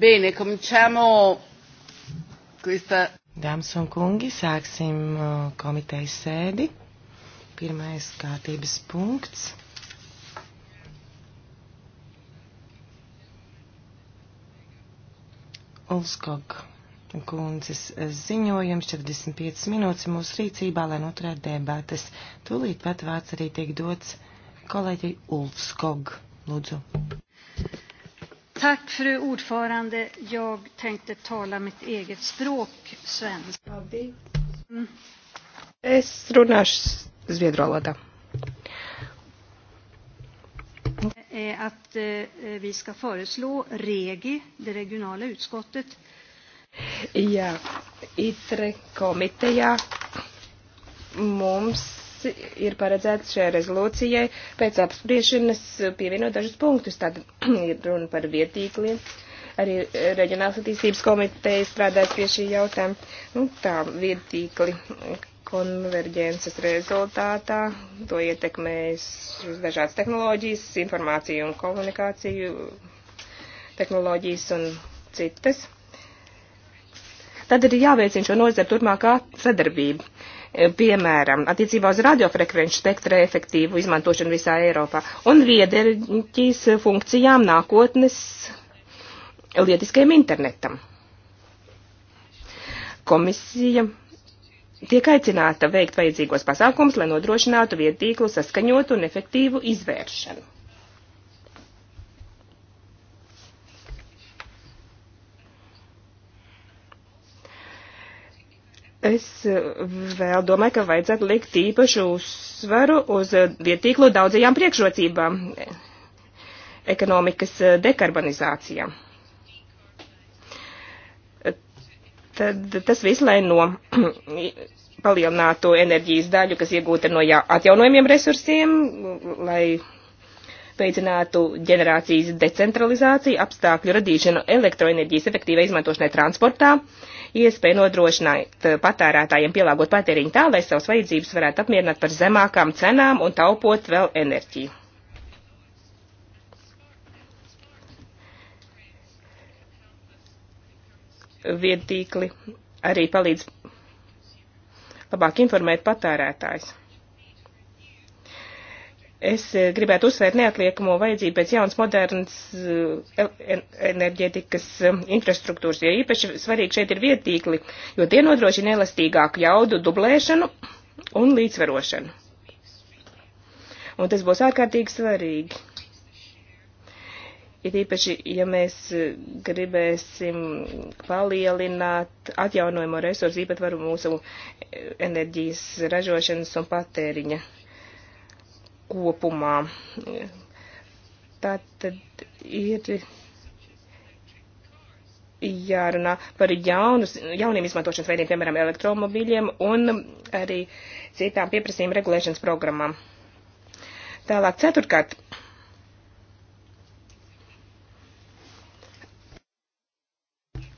Bene, cominciamo questa. Dāmas un kungi, sāksim uh, komitejas sēdi. Pirmais kārtības punkts. Ulskog kundzes ziņojums 45 minūtes mūsu rīcībā, lai noturētu debates. Tūlīt pat vārds arī tiek dots kolēģi Ulfskog. Lūdzu. Tack fru ordförande. Jag tänkte tala mitt eget språk, svenska. Es mm. runāšu zviedru valodā. Att eh, vi ska föreslå REGI, det regionala utskottet. Ja, ITRE komitejā mums kas ir paredzēts šajā rezolūcijai, pēc apspriešanas pievienot dažus punktus. Tad ir runa par vietīkliem. Arī Reģionālas attīstības komiteja strādājas pie šī jautājuma. Nu, tā vietīkli konverģences rezultātā to ietekmēs dažādas tehnoloģijas, informāciju un komunikāciju tehnoloģijas un citas. Tad ir jāveicina šo nozaru turpmākā sadarbība. Uh, piemēram, attiecībā uz radiofrekvenču spektra efektīvu izmantošanu visā Eiropā un viederģīs funkcijām nākotnes lietiskajam internetam. Komisija tiek aicināta veikt vajadzīgos pasākums, lai nodrošinātu vietīklu saskaņotu un efektīvu izvēršanu. Es eh, vēl domāju, ka vajadzētu likt īpašu uzsvaru uz eh, vietīklo daudzajām priekšrocībām eh, ekonomikas dekarbonizācijā. Tad tas viss, lai no palielinātu enerģijas daļu, kas iegūta no atjaunojumiem resursiem, lai veicinātu ģenerācijas decentralizāciju, apstākļu radīšanu elektroenerģijas efektīvai izmantošanai transportā, uh, iespēja nodrošināt eh, patērētājiem pielāgot patēriņu tā, lai savas vajadzības varētu apmierināt par zemākām cenām un taupot vēl enerģiju. Viedtīkli arī palīdz labāk informēt patērētājs. Es eh, gribētu uzsvērt neatliekamo vajadzību pēc jaunas modernas eh, enerģētikas eh, infrastruktūras, jo īpaši svarīgi šeit ir vietīkli, jo tie nodrošina elastīgāku jaudu dublēšanu un līdzsvarošanu. Un tas būs ārkārtīgi svarīgi. Ir īpaši, ja mēs gribēsim palielināt atjaunojamo resursu īpatvaru mūsu enerģijas ražošanas un patēriņa kopumā. Tā tad ir jārunā par jaunus, jauniem izmantošanas veidiem, piemēram, elektromobiļiem un arī citām pieprasījuma regulēšanas programmām. Tālāk, ceturkārt.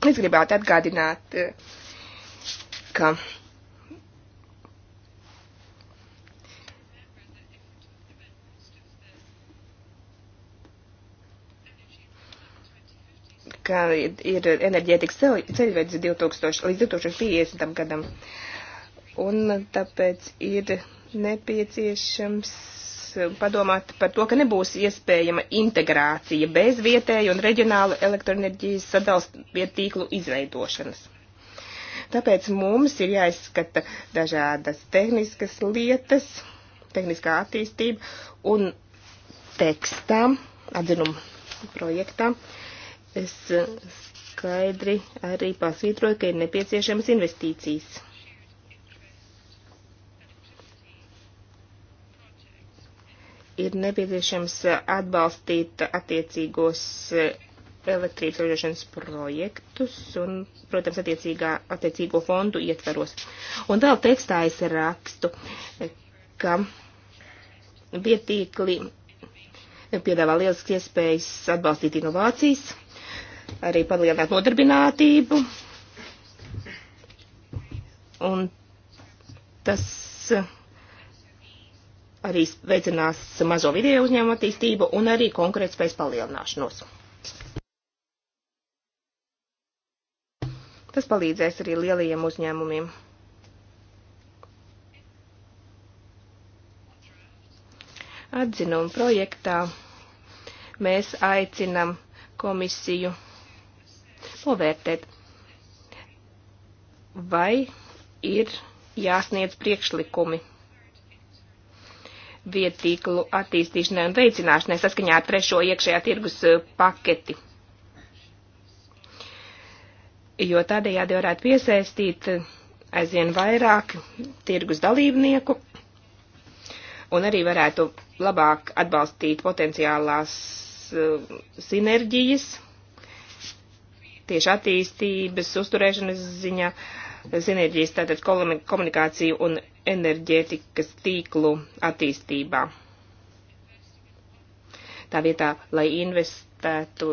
Es gribētu atgādināt, ka ka ir enerģētikas ceļvedis 2000, līdz 2050. gadam. Un tāpēc ir nepieciešams padomāt par to, ka nebūs iespējama integrācija bez vietēju un reģionālu elektroenerģijas sadalstīklu izveidošanas. Tāpēc mums ir jāizskata dažādas tehniskas lietas, tehniskā attīstība un tekstā, atzinuma projektā. Uh, Es skaidri arī pasvītroju, ka ir nepieciešamas investīcijas. Ir nepieciešams atbalstīt attiecīgos elektrības ražošanas projektus un, protams, attiecīgā, attiecīgo fondu ietveros. Un vēl tekstā es rakstu, ka vietīkli piedāvā lielisks iespējas atbalstīt inovācijas arī palielināt nodarbinātību. Un tas arī veicinās mazo video uzņēmumu attīstību un arī konkurētspējas palielināšanos. Tas palīdzēs arī lielajiem uzņēmumiem. Atzinuma projektā mēs aicinam komisiju novērtēt, vai ir jāsniedz priekšlikumi vietīklu attīstīšanai un veicināšanai saskaņā ar trešo iekšējā tirgus eh, paketi. Jo tādējādi varētu piesaistīt eh, aizvien vairāk tirgus dalībnieku un arī varētu labāk atbalstīt potenciālās eh, sinerģijas tieši attīstības, uzturēšanas ziņā, sinerģijas, tātad komunikāciju un enerģētikas tīklu attīstībā. Tā vietā, lai investētu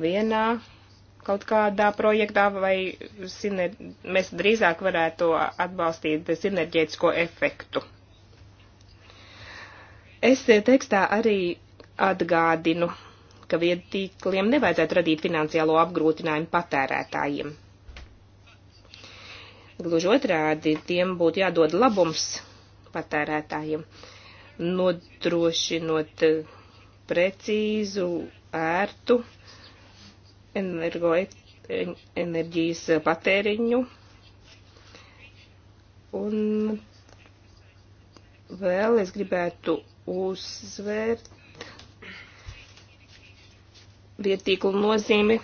vienā kaut kādā projektā, vai siner, mēs drīzāk varētu atbalstīt sinerģētisko efektu. Es tekstā arī atgādinu ka viedtīkliem nevajadzētu radīt finansiālo apgrūtinājumu patērētājiem. Gluži otrādi, tiem būtu jādod labums patērētājiem, nodrošinot eh, precīzu, ērtu enerģijas patēriņu un vēl es gribētu uzsvērt vietīgu nozīmi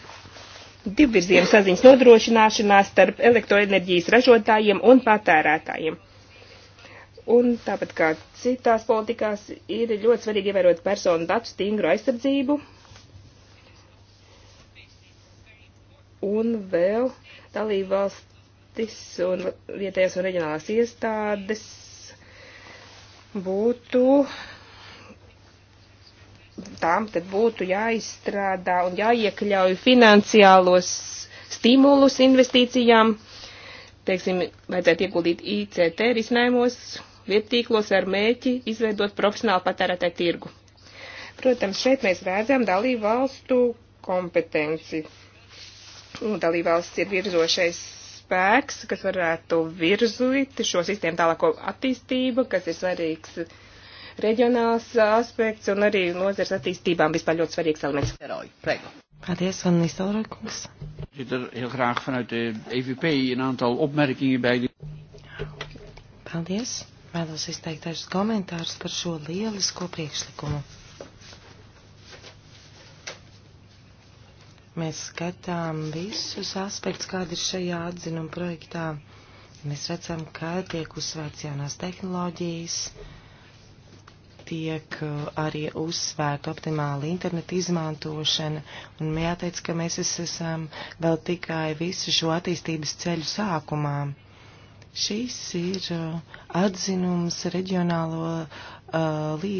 divvirzienu saziņas nodrošināšanā starp elektroenerģijas ražotājiem un patērētājiem. Un tāpat kā citās politikās, ir ļoti svarīgi ievērot personu datu stingru aizsardzību. Un vēl dalībvalstis un vietējās un reģionālās iestādes būtu tām tad būtu jāizstrādā un jāiekļauj finansiālos stimulus investīcijām. Teiksim, vajadzētu ieguldīt ICT risinājumos, viettīklos ar mēķi izveidot profesionālu patērētāju tirgu. Protams, šeit mēs redzam dalību valstu kompetenci. Nu, dalību valsts ir virzošais spēks, kas varētu virzīt šo sistēmu tālāko attīstību, kas ir svarīgs uh, reģionāls aspekts un arī nozars attīstībām vispār ļoti svarīgs elements. Paldies, Van Nistelrookungs. Er e Paldies. Vēlos izteikt dažus komentārus par šo lielisko priekšlikumu. Mēs skatām visus aspektus, kādi ir šajā atzinuma projektā. Mēs redzam, ka tiek uzsvērts jaunās tehnoloģijas, uh, tiek uh, arī uzsvērta optimāla interneta izmantošana, un jāteic, ka mēs esam vēl tikai visu šo attīstības ceļu sākumā. Šis ir uh, atzinums reģionālo uh, li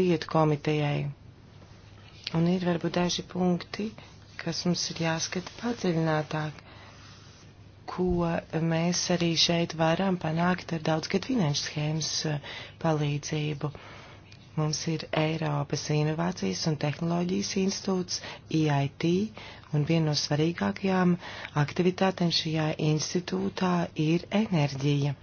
lietu komitejai, un ir varbūt daži punkti, kas mums ir jāskata padziļinātāk ko mēs arī šeit varam panākt ar daudzgad finanšu schēmas uh, palīdzību. Mums ir Eiropas Inovācijas un Tehnoloģijas institūts, EIT, un viena no svarīgākajām aktivitātēm šajā institūtā ir enerģija.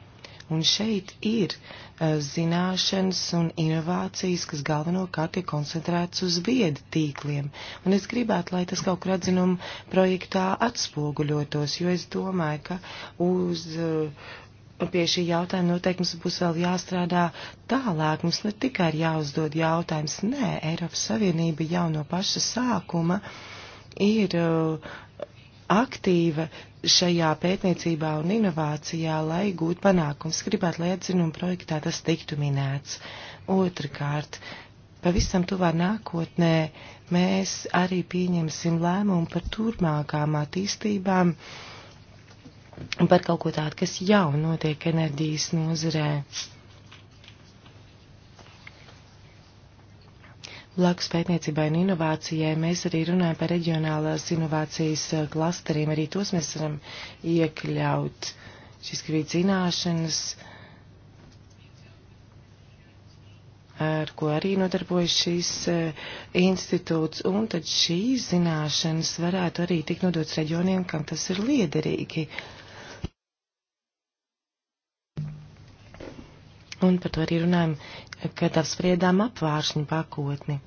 Un šeit ir uh, zināšanas un inovācijas, kas galvenokārt ir koncentrētas uz viedu tīkliem. Un es gribētu, lai tas kaut kur atzinuma projektā atspoguļotos, jo es domāju, ka uz uh, pie šī jautājuma noteikti mums būs vēl jāstrādā tālāk. Mums ne tikai ir jāuzdod jautājums, nē, Eiropas Savienība jau no paša sākuma ir uh, aktīva šajā pētniecībā un inovācijā, lai gūtu panākums. Gribētu, lai atzinumu projektā tas tiktu minēts. Otrakārt, pavisam tuvā nākotnē mēs arī pieņemsim lēmumu par turmākām attīstībām. Uh, par kaut ko tādu, kas jau notiek enerģijas nozarē. Blakus pētniecībai un inovācijai mēs arī runājam par reģionālās inovācijas eh, klasteriem. Arī tos mēs varam iekļaut. Šis krīt zināšanas, ar ko arī nodarbojas šīs eh, institūts, un tad šīs zināšanas varētu arī tikt nodots reģioniem, kam tas ir liederīgi. Uh, Un par to arī runājam, kad apspriedām apvāršņu pakotni.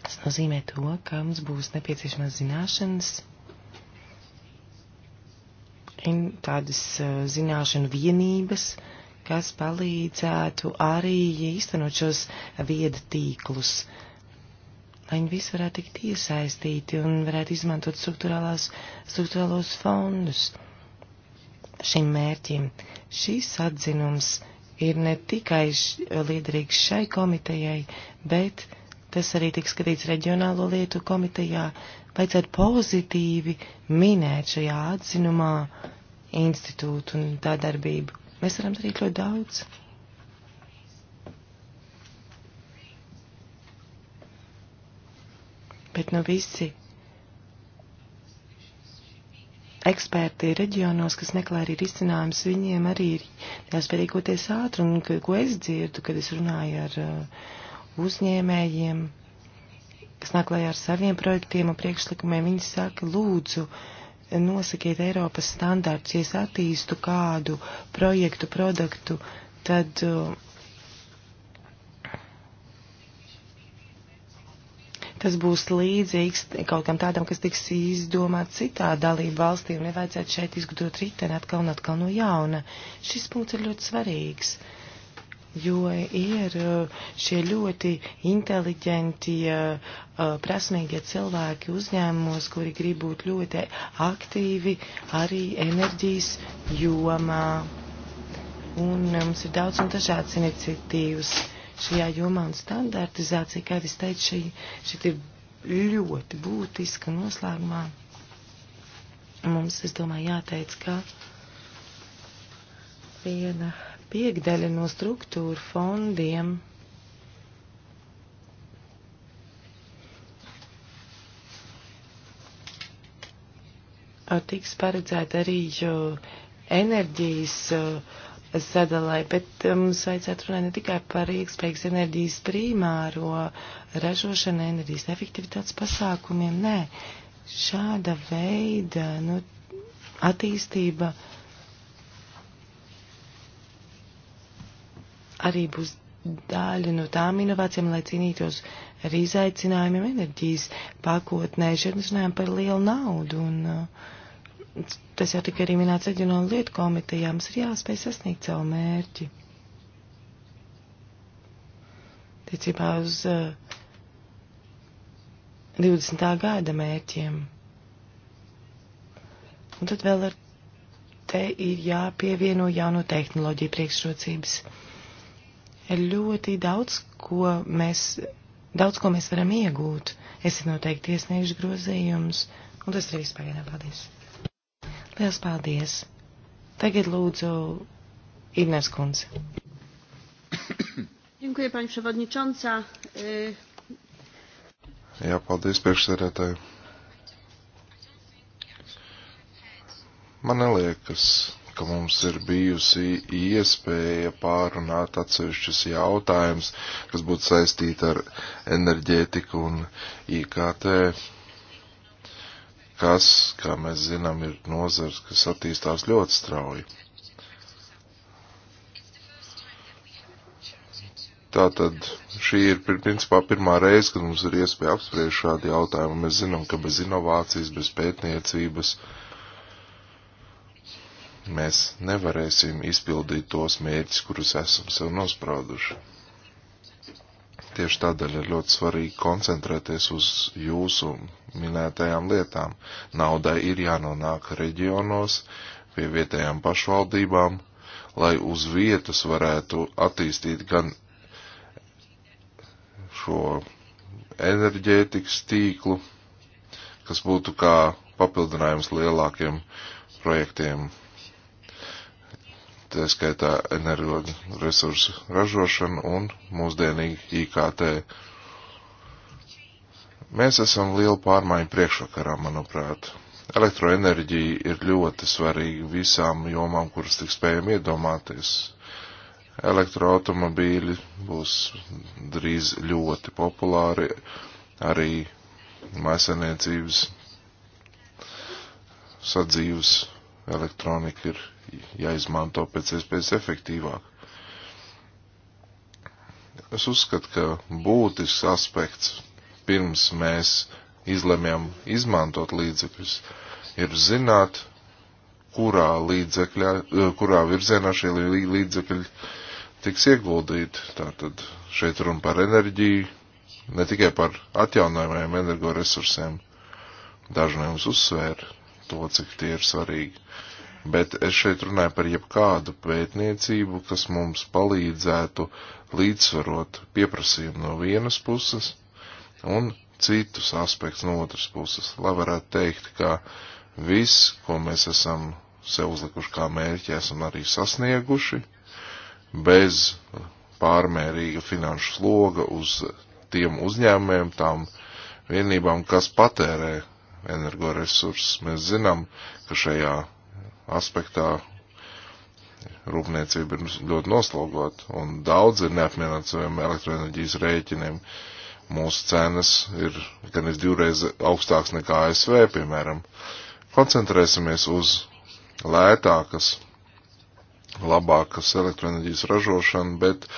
Tas nozīmē to, ka mums būs nepieciešamas zināšanas, tādas eh, zināšanu vienības, kas palīdzētu arī īstenot šos vieda tīklus, lai viņi visi varētu tikt iesaistīti un varētu izmantot struktūrālos fondus šim mērķim. Šis atzinums ir ne tikai š, liederīgs šai komitejai, bet tas arī tiks skatīts reģionālo lietu komitejā. Vajadzētu pozitīvi minēt šajā atzinumā institūtu un tā darbību. Mēs varam darīt ļoti daudz. Bet nu visi eksperti reģionos, kas meklē arī risinājumus, viņiem arī ir jāspēj rīkoties ātri, un ka, ko es dzirdu, kad es runāju ar uh, uzņēmējiem, kas nāk lai ar saviem projektiem un priekšlikumiem, viņi saka, lūdzu, nosakiet Eiropas standārts, ja es attīstu kādu projektu, produktu, tad uh, tas būs līdzīgs kaut kam tādam, kas tiks izdomāts citā dalība valstī, un nevajadzētu šeit izgudrot riteni atkal un atkal no jauna. Šis punkts ir ļoti svarīgs, jo ir uh, šie ļoti inteliģenti, uh, prasmīgie cilvēki uzņēmumos, kuri grib būt ļoti aktīvi arī enerģijas jomā. Un um, mums ir daudz un dažādas iniciatīvas šajā jomā un standartizācija, kā es teicu, šī, šī ir ļoti būtiska noslēgumā. Mums, es domāju, jāteic, ka viena piekdaļa no struktūra fondiem tiks paredzēta arī enerģijas uh, sadalai, bet eh, mums vajadzētu runāt ne tikai par ilgspējīgas enerģijas primāro ražošanu, enerģijas efektivitātes pasākumiem, nē, šāda veida nu, attīstība arī būs daļa no tām inovācijām, lai cīnītos ar izaicinājumiem enerģijas pakotnē. Šeit mēs runājam par lielu naudu un uh, tas jau tika arī minēts reģionāla lietu komitejā, mums ir jāspēj sasniegt savu mērķi. Tiecībā uz uh, eh, 20. gada mērķiem. Un tad vēl ar te ir jāpievieno jauno tehnoloģiju priekšrocības. Ir ļoti daudz, ko mēs, daudz, ko mēs varam iegūt. Es noteikti iesniegšu grozījumus, un tas arī spēļinā. Paldies! Liels paldies! Tagad lūdzu Ignas kundze. Dziękuję, pani przewodnicząca. E- Jā, paldies, priekšsēdētāji. Man liekas, ka mums ir bijusi iespēja pārunāt atsevišķus jautājumus, kas būtu saistīti ar enerģētiku un IKT kas, kā mēs zinām, ir nozars, kas attīstās ļoti strauji. Tātad šī ir principā pirmā reize, kad mums ir iespēja apspriest šādu jautājumu. Mēs zinām, ka bez inovācijas, bez pētniecības mēs nevarēsim izpildīt tos mērķus, kurus esam sev nosprauduši tieši tādēļ ir ļoti svarīgi koncentrēties uz jūsu minētajām lietām. Naudai ir jānonāk reģionos, pie vietējām pašvaldībām, lai uz vietas varētu attīstīt gan šo enerģētikas tīklu, kas būtu kā papildinājums lielākiem projektiem tā skaitā energoresursu ražošanu un mūsdienīgi IKT. Mēs esam lielu pārmaiņu priekšvakarā, manuprāt. Elektroenerģija ir ļoti svarīga visām jomām, kuras tik spējam iedomāties. Elektroautomobīļi būs drīz ļoti populāri, arī maisaniecības sadzīves elektronika ir jāizmanto pēc iespējas efektīvāk. Es uzskatu, ka būtisks aspekts pirms mēs izlemjam izmantot līdzekļus ir zināt, kurā, līdzekļā, kurā virzienā šie līdzekļi tiks ieguldīti. Tātad šeit runa par enerģiju, ne tikai par atjaunojumiem energoresursiem. Daži no jums uzsvēra, to, cik tie ir svarīgi. Bet es šeit runāju par jebkādu pētniecību, kas mums palīdzētu līdzsvarot pieprasījumu no vienas puses un citus aspektus no otras puses, lai varētu teikt, ka viss, ko mēs esam sev uzlikuši kā mērķi, esam arī sasnieguši bez pārmērīga finanšu sloga uz tiem uzņēmējiem, tām vienībām, kas patērē energoresursus. Mēs zinām, ka šajā aspektā rūpniecība ir ļoti noslogot, un daudz ir neapmierināti saviem elektroenerģijas rēķiniem. Mūsu cenas ir gan es divreiz augstāks nekā ASV, piemēram. Koncentrēsimies uz lētākas, labākas elektroenerģijas ražošanu, bet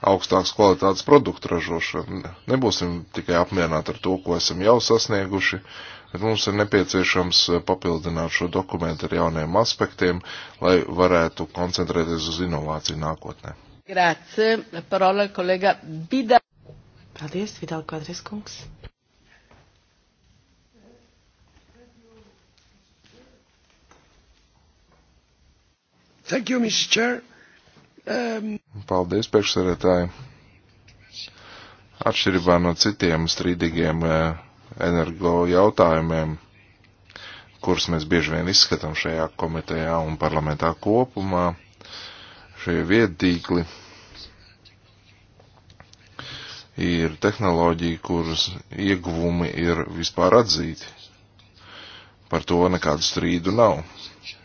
augstākas kvalitātes produktu ražošanu. Nebūsim tikai apmierināti ar to, ko esam jau sasnieguši, uh, bet mums ir nepieciešams eh, papildināt šo dokumentu ar jauniem aspektiem, lai varētu koncentrēties uz inovāciju nākotnē. Grāci, parola kolega Bida. Paldies, Vidal Kvadris kungs. Thank you, Mr. Chair. Um... Paldies, priekšsarētāji. Atšķirībā no citiem strīdīgiem uh, energo jautājumiem, kurus mēs bieži vien izskatām šajā komitejā un parlamentā kopumā, šie viedtīkli ir tehnoloģija, kuras ieguvumi ir vispār atzīti. Par to nekādu strīdu nav.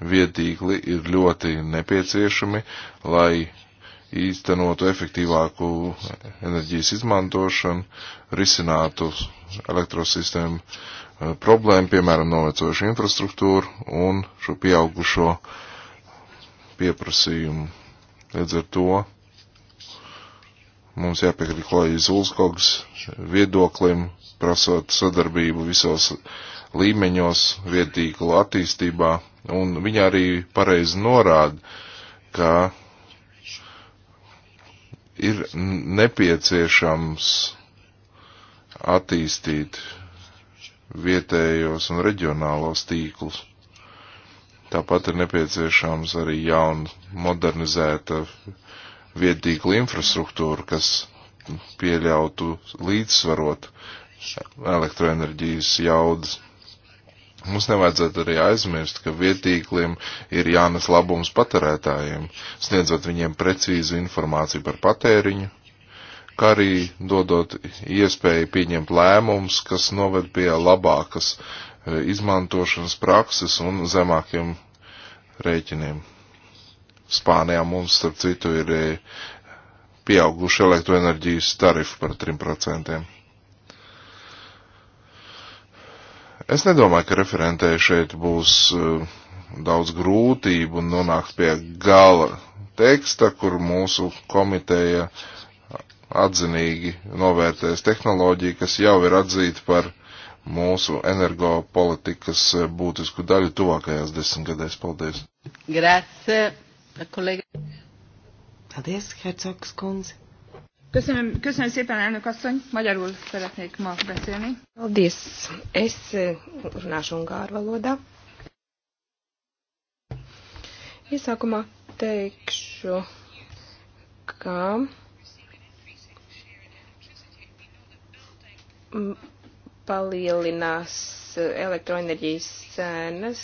Vietīkli ir ļoti nepieciešami, lai īstenotu efektīvāku enerģijas izmantošanu, risinātu elektrosistēmu eh, problēmu, piemēram, novecojušu infrastruktūru un šo pieaugušo pieprasījumu. Līdz ar to mums jāpiekrīt Klaijas Ulskogs viedoklim, prasot sadarbību visos līmeņos, vietīklu attīstībā, un viņa arī pareizi norāda, ka ir nepieciešams attīstīt vietējos un reģionālos tīklus. Tāpat ir nepieciešams arī jauna modernizēta vietīkla infrastruktūra, kas pieļautu līdzsvarot elektroenerģijas jaudas Mums nevajadzētu arī aizmirst, ka vietīkliem ir jānes labums patērētājiem, sniedzot viņiem precīzu informāciju par patēriņu, kā arī dodot iespēju pieņemt lēmumus, kas noved pie labākas e, izmantošanas prakses un zemākiem rēķiniem. Spānijā mums, starp citu, ir e, pieauguši elektroenerģijas tarifu par 3%. Es nedomāju, ka referentē šeit būs eh, daudz grūtību un nonākt pie gala teksta, kur mūsu komiteja atzinīgi novērtēs tehnoloģiju, kas jau ir atzīta par mūsu energopolitikas eh, būtisku daļu tuvākajās desmitgadēs. Paldies! Grazie, kolēģi! Paldies, Hercogs kundze! Köszönöm, köszönöm szépen, elnök asszony. Magyarul szeretnék ma beszélni. Paldies. Es eh, runāšu angāru valodā. Iesākumā teikšu, ka palielinās elektroenerģijas cenas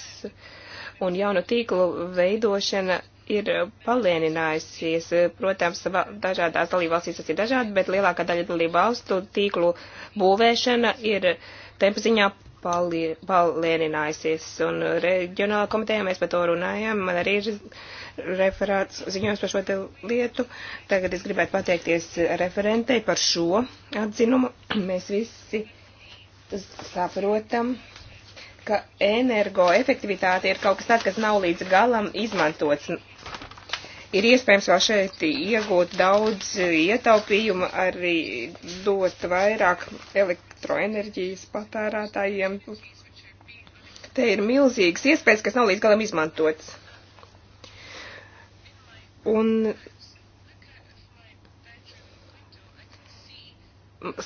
un jaunu tīklu veidošana ir palieninājusies. Protams, dažādās dalībvalstīs tas ir dažādi, bet lielākā daļa dalībvalstu tīklu būvēšana ir tempa ziņā palieninājusies. Un reģionāla komitejā mēs par to runājam. Man arī ir referāts ziņojums par šo te lietu. Tagad es gribētu pateikties referentei par šo atzinumu. Mēs visi saprotam ka energoefektivitāte ir kaut kas tāds, kas nav līdz galam izmantots, ir iespējams vēl šeit iegūt daudz ietaupījumu, arī dot vairāk elektroenerģijas patērētājiem. Te ir milzīgas iespējas, kas nav līdz galam izmantotas. Un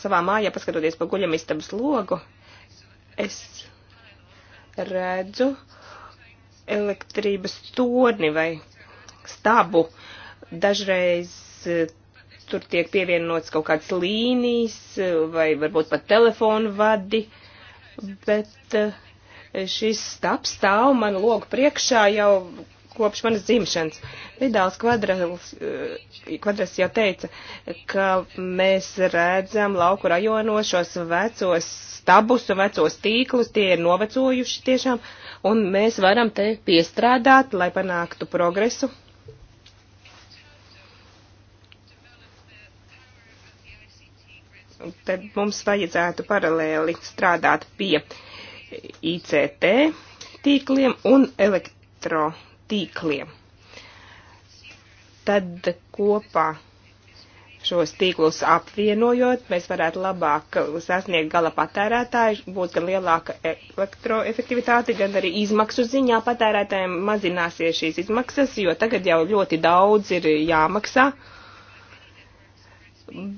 savā mājā, paskatoties pa guļamistabas logu, es redzu elektrības torni vai stabu. Dažreiz eh, tur tiek pievienots kaut kāds līnijas eh, vai varbūt pat telefonu vadi, bet eh, šis stabs stāv man logu priekšā jau kopš manas dzimšanas. Vidāls kvadrals, kvadrals jau teica, ka mēs redzam lauku rajonos šos vecos stabus un vecos tīklus, tie ir novecojuši tiešām, un mēs varam te piestrādāt, lai panāktu progresu tad mums vajadzētu paralēli strādāt pie ICT tīkliem un elektrotīkliem. Tad kopā šos tīklus apvienojot, mēs varētu labāk sasniegt gala patērētāju, būs gan lielāka elektroefektivitāte, gan arī izmaksu ziņā patērētājiem mazināsies šīs izmaksas, jo tagad jau ļoti daudz ir jāmaksā.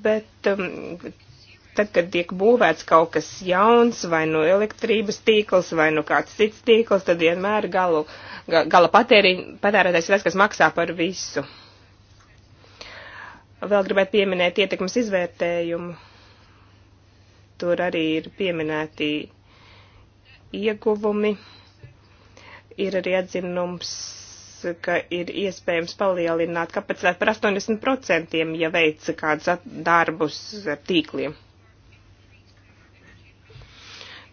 Bet um, tad, kad tiek būvēts kaut kas jauns, vai nu no elektrības tīkls, vai nu no kāds cits tīkls, tad vienmēr galu, ga, gala patēri, patērētājs ir tas, kas maksā par visu. Vēl gribētu pieminēt ietekmes izvērtējumu. Tur arī ir pieminēti ieguvumi. Ir arī atzinums, ka ir iespējams palielināt kapacitāti par 80%, ja veic kādus darbus ar tīkliem.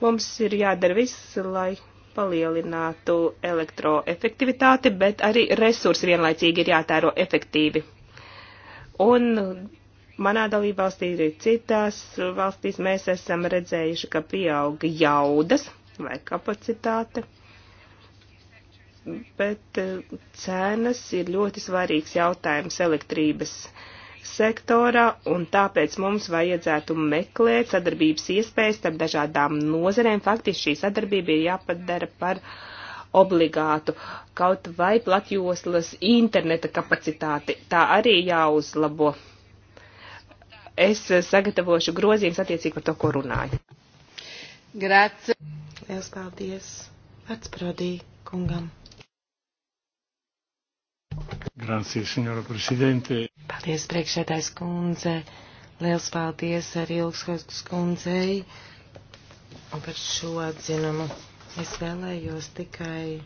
Mums ir jādara viss, lai palielinātu elektroefektivitāti, bet arī resursi vienlaicīgi ir jātēro efektīvi. Un manā dalībvalstī ir citās valstīs mēs esam redzējuši, ka pieauga jaudas vai kapacitāte, bet eh, cenas ir ļoti svarīgs jautājums elektrības sektorā, un tāpēc mums vajadzētu meklēt sadarbības iespējas starp dažādām nozerēm. Faktiski šī sadarbība ir jāpadara par obligātu kaut vai platjoslas interneta kapacitāti. Tā arī jāuzlabo. Es sagatavošu grozījumus attiecīgi par to, ko runāju. Grāci. Liels paldies. Vecprodī kungam. Grazie, senjora prezidente. Paldies, priekšētājs kundze. Liels paldies arī Ilgskotas kundzei par šo atzinumu. Es vēlējos tikai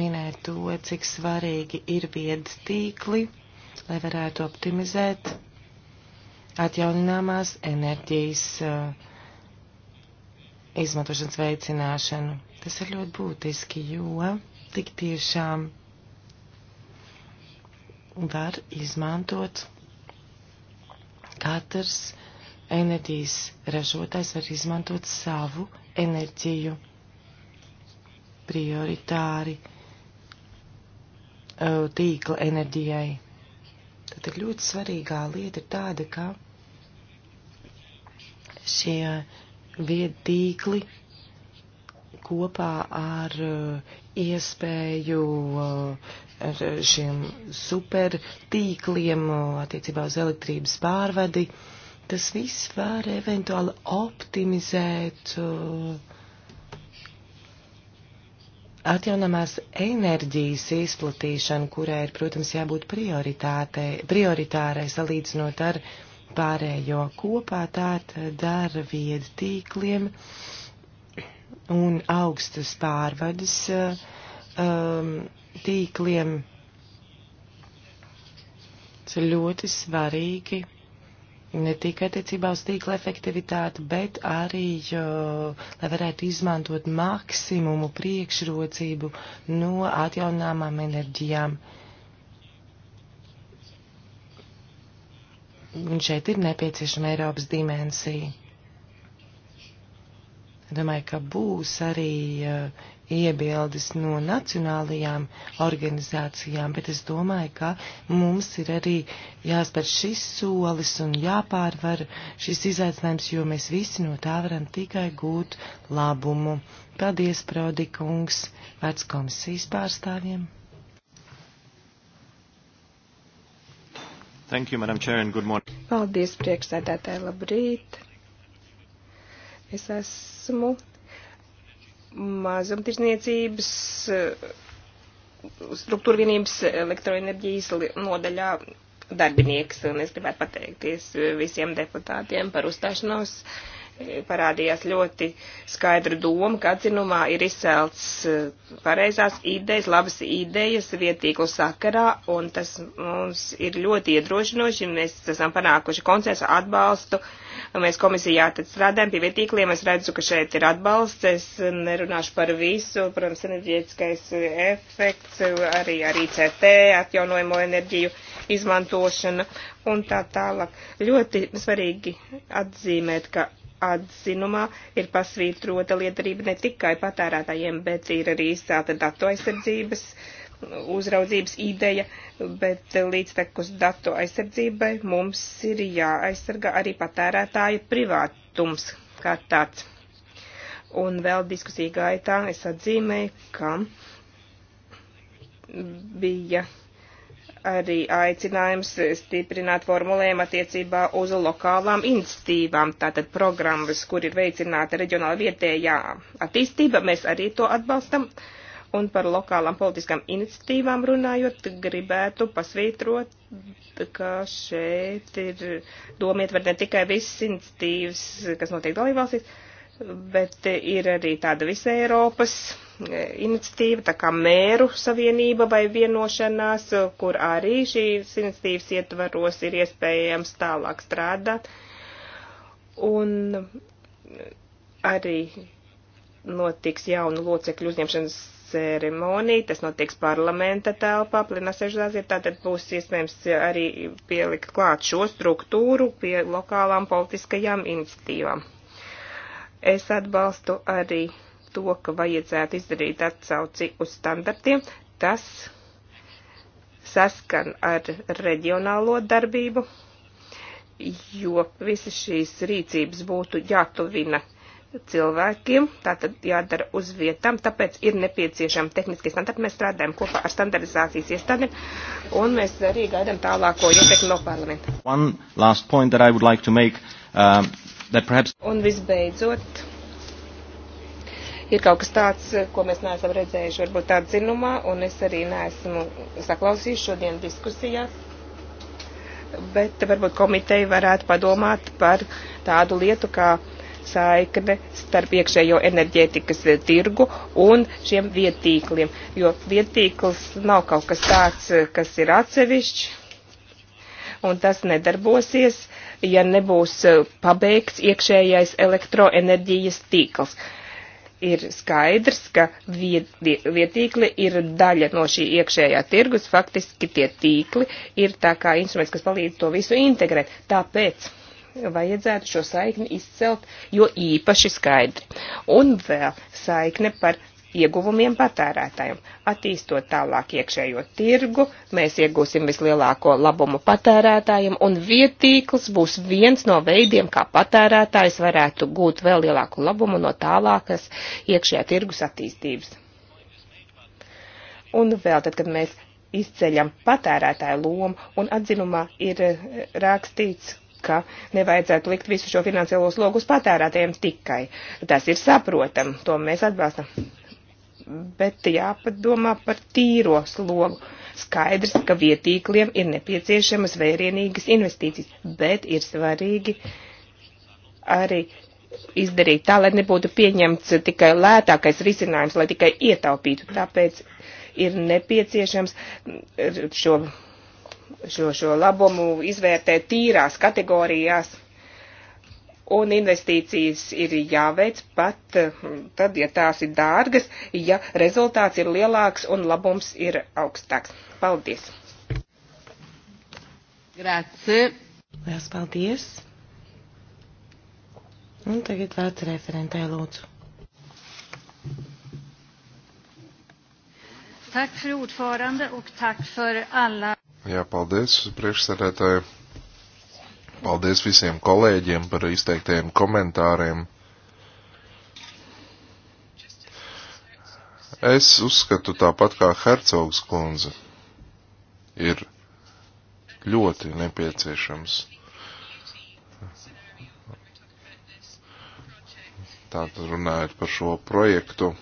minēt to, cik svarīgi ir viedas tīkli, lai varētu optimizēt atjaunināmās enerģijas uh, izmantošanas veicināšanu. Tas ir ļoti būtiski, jo tik tiešām var izmantot katrs enerģijas ražotājs var izmantot savu enerģiju prioritāri e, tīkla enerģijai. Tad ir ļoti svarīgā lieta ir tāda, ka šie viedtīkli kopā ar eh, iespēju eh, ar šiem supertīkliem eh, attiecībā uz elektrības pārvadi. Tas viss var eventuāli optimizēt atjaunamās enerģijas izplatīšanu, kurai ir, protams, jābūt prioritārai salīdzinot ar pārējo kopā tātad ar viedu tīkliem un augstas pārvades eh, um, tīkliem. Tas ir ļoti svarīgi ne tikai attiecībā uz tīkla efektivitāti, bet arī, jo, lai varētu izmantot maksimumu priekšrocību no atjaunāmām enerģijām. Un šeit ir nepieciešama Eiropas dimensija. Domāju, ka būs arī uh, iebildes no nacionālajām organizācijām, bet es domāju, ka mums ir arī jāspēr šis solis un jāpārvar šis izaicinājums, jo mēs visi no tā varam tikai gūt labumu. Paldies, Prodi kungs, vec komisijas pārstāvjiem. Thank you, Madam Chair, and good morning. Paldies, priekšsēdētāji, labrīt. Es esmu mazumtirdzniecības struktūrvienības elektroenerģijas nodaļā darbinieks, un es gribētu pateikties visiem deputātiem par uzstāšanos. Uh, parādījās ļoti skaidra doma, ka atzinumā ir izcelts eh, pareizās idejas, labas idejas vietīgu sakarā, un tas mums ir ļoti iedrošinoši. Mēs esam panākuši konsensu atbalstu. Mēs komisijā tad strādājam pie vietīkliem. Es redzu, ka šeit ir atbalsts. Es nerunāšu par visu. Protams, enerģētiskais efekts, arī, arī CT, atjaunojamo enerģiju izmantošana un tā tālāk. Ļoti svarīgi atzīmēt, ka atzinumā ir pasvītrota lietarība ne tikai patērētājiem, bet ir arī izcelta datu aizsardzības uzraudzības ideja, bet līdztekus datu aizsardzībai mums ir jāaizsarga arī patērētāju privātums kā tāds. Un vēl diskusija gaitā es atzīmēju, ka bija arī aicinājums stiprināt formulējumu attiecībā uz lokālām iniciatīvām, tātad programmas, kur ir veicināta reģionāla vietējā attīstība, mēs arī to atbalstam. Un par lokālām politiskām iniciatīvām runājot, gribētu pasvītrot, ka šeit ir doma ietver ne tikai visas iniciatīvas, kas notiek dalībvalstīs, bet ir arī tāda visa Eiropas iniciatīva, tā kā mēru savienība vai vienošanās, kur arī šīs iniciatīvas ietvaros ir iespējams tālāk strādāt. Un arī notiks jaunu locekļu uzņemšanas ceremonija, tas notiks parlamenta telpā, plenasēžu zāzē, tātad būs iespējams arī pielikt klāt šo struktūru pie lokālām politiskajām iniciatīvām. Es atbalstu arī to, ka vajadzētu izdarīt atsauci uz standartiem, tas saskan ar reģionālo darbību, jo visas šīs rīcības būtu jātuvina cilvēkiem, tātad jādara uz vietām, tāpēc ir nepieciešama tehniskie standarti. Mēs strādājam kopā ar standartizācijas iestādēm, un mēs arī gaidām tālāko ietekmi no parlamenta. Like make, um, perhaps... Un visbeidzot, ir kaut kas tāds, ko mēs neesam redzējuši varbūt atzinumā, un es arī neesmu saklausījis šodien diskusijās. Bet varbūt komiteja varētu padomāt par tādu lietu kā saikne starp iekšējo enerģētikas tirgu un šiem vietīkliem, jo vietīkls nav kaut kas tāds, kas ir atsevišķs, un tas nedarbosies, ja nebūs pabeigts iekšējais elektroenerģijas tīkls. Uh, ir skaidrs, ka vietīkli ir daļa no šī iekšējā tirgus. Faktiski tie tīkli ir tā kā instruments, kas palīdz to visu integrēt. Tāpēc vajadzētu šo saikni izcelt, jo īpaši skaidri. Un vēl saikne par ieguvumiem patērētājiem. Attīstot tālāk iekšējo tirgu, mēs iegūsim vislielāko labumu patērētājiem, un vietīkls būs viens no veidiem, kā patērētājs varētu gūt vēl lielāku labumu no tālākas iekšējā tirgus attīstības. Un vēl tad, kad mēs izceļam patērētāju lomu, un atzinumā ir eh, rakstīts, ka nevajadzētu likt visu šo finansiālo slogu uz patērētājiem tikai. Tas ir saprotam, to mēs atbalstam bet jāpadomā par tīro slogu. Skaidrs, ka vietīkliem ir nepieciešamas vērienīgas investīcijas, bet ir svarīgi arī izdarīt tā, lai nebūtu pieņemts tikai lētākais risinājums, lai tikai ietaupītu. Tāpēc ir nepieciešams šo, šo, šo labumu izvērtēt tīrās kategorijās un investīcijas ir jāveic pat hm, tad, ja tās ir dārgas, ja rezultāts ir lielāks un labums ir augstāks. Paldies! Grāci! Lielas paldies! Un tagad vārds referentē lūdzu. Tak, fru ordförande, och tak för alla. Jā, paldies, priekšsēdētāji. Paldies visiem kolēģiem par izteiktajiem komentāriem. Es uzskatu tāpat kā Hercogs kundze ir ļoti nepieciešams. Tātad runājot par šo projektu,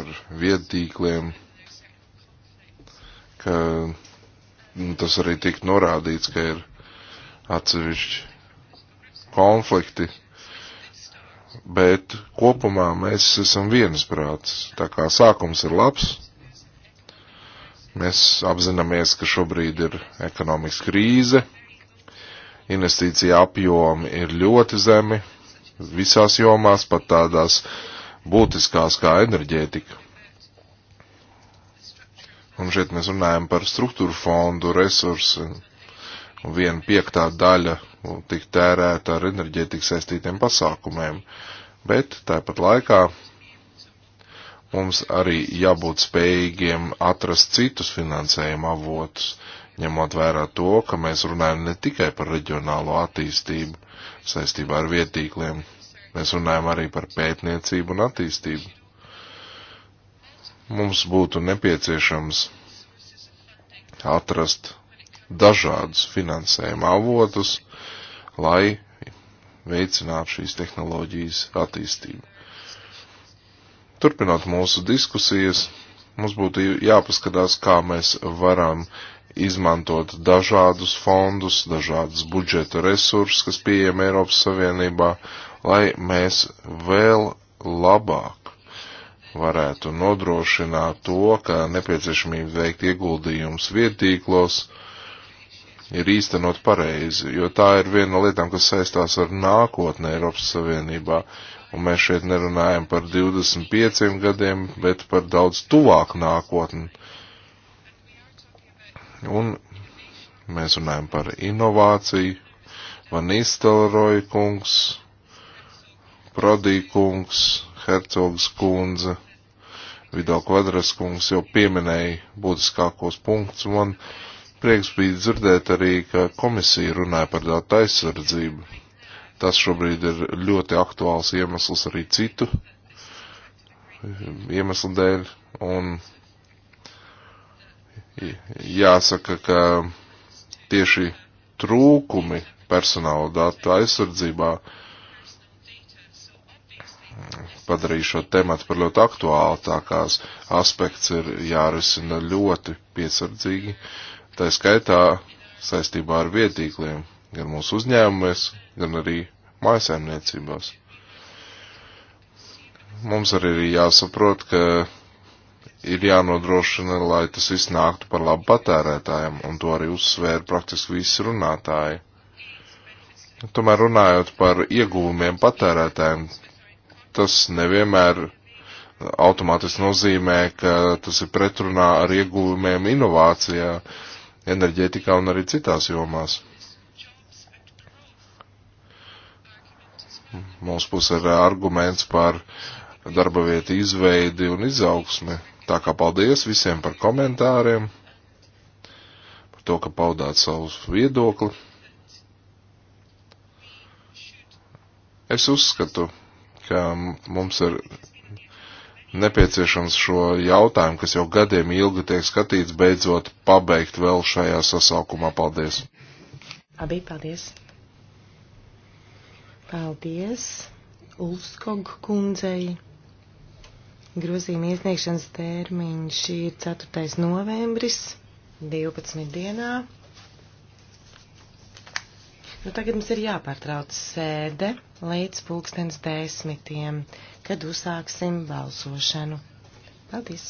ar viedtīkliem, ka tas arī tika norādīts, ka ir atsevišķi konflikti, bet kopumā mēs esam viensprāts. Tā kā sākums ir labs, mēs apzināmies, ka šobrīd ir ekonomikas krīze, investīcija apjomi ir ļoti zemi visās jomās, pat tādās būtiskās kā enerģētika. Un šeit mēs runājam par struktūru fondu resursu. Un viena piektā daļa tik tērēta ar enerģētikas saistītiem pasākumiem. Bet tāpat laikā mums arī jābūt spējīgiem atrast citus finansējuma avotus, ņemot vērā to, ka mēs runājam ne tikai par reģionālo attīstību saistībā ar vietīkliem, mēs runājam arī par pētniecību un attīstību. Mums būtu nepieciešams atrast dažādus finansējuma avotus, lai veicinātu šīs tehnoloģijas attīstību. Turpinot mūsu diskusijas, mums būtu jāpaskatās, kā mēs varam izmantot dažādus fondus, dažādus budžeta resursus, kas pieejami Eiropas Savienībā, lai mēs vēl labāk varētu nodrošināt to, ka nepieciešamība veikt ieguldījums vietīklos ir īstenot pareizi, jo tā ir viena no lietām, kas saistās ar nākotnē Eiropas Savienībā. Un mēs šeit nerunājam par 25 gadiem, bet par daudz tuvāku nākotni. Un mēs runājam par inovāciju. Van Nistelroja kungs, Prodī kungs, Hercogs kundze Vido Kvadras kungs jau pieminēja būtiskākos punktus. Man prieks bija dzirdēt arī, ka komisija runāja par datu aizsardzību. Tas šobrīd ir ļoti aktuāls iemesls arī citu iemeslu dēļ. Un jāsaka, ka tieši trūkumi personāla datu aizsardzībā uh, padarīja šo tematu par ļoti aktuālu, tā kā aspekts ir jārisina ļoti piesardzīgi, tā skaitā saistībā ar vietīkliem, gan mūsu uzņēmumies, gan arī mājasēmniecībās. Mums arī ir jāsaprot, ka ir jānodrošina, lai tas viss nāktu par labu patērētājiem, un to arī uzsvēra praktiski visi runātāji. Tomēr runājot par ieguvumiem patērētājiem, tas nevienmēr automātiski nozīmē, ka tas ir pretrunā ar ieguvumiem inovācijā, enerģētikā un arī citās jomās. Mums būs arī arguments par darba vietu izveidi un izaugsmi. Tā kā paldies visiem par komentāriem, par to, ka paudāt savu viedokli. Es uzskatu, ka mums ir nepieciešams šo jautājumu, kas jau gadiem ilgi tiek skatīts, beidzot pabeigt vēl šajā sasaukumā. Paldies! Abi, paldies! Paldies Ulskog kundzei! Grozījuma iesniegšanas termiņš ir 4. novembris 12. dienā. Nu, tagad mums ir jāpārtrauc sēde līdz pulkstens desmitiem, kad uzsāksim balsošanu. Paldies!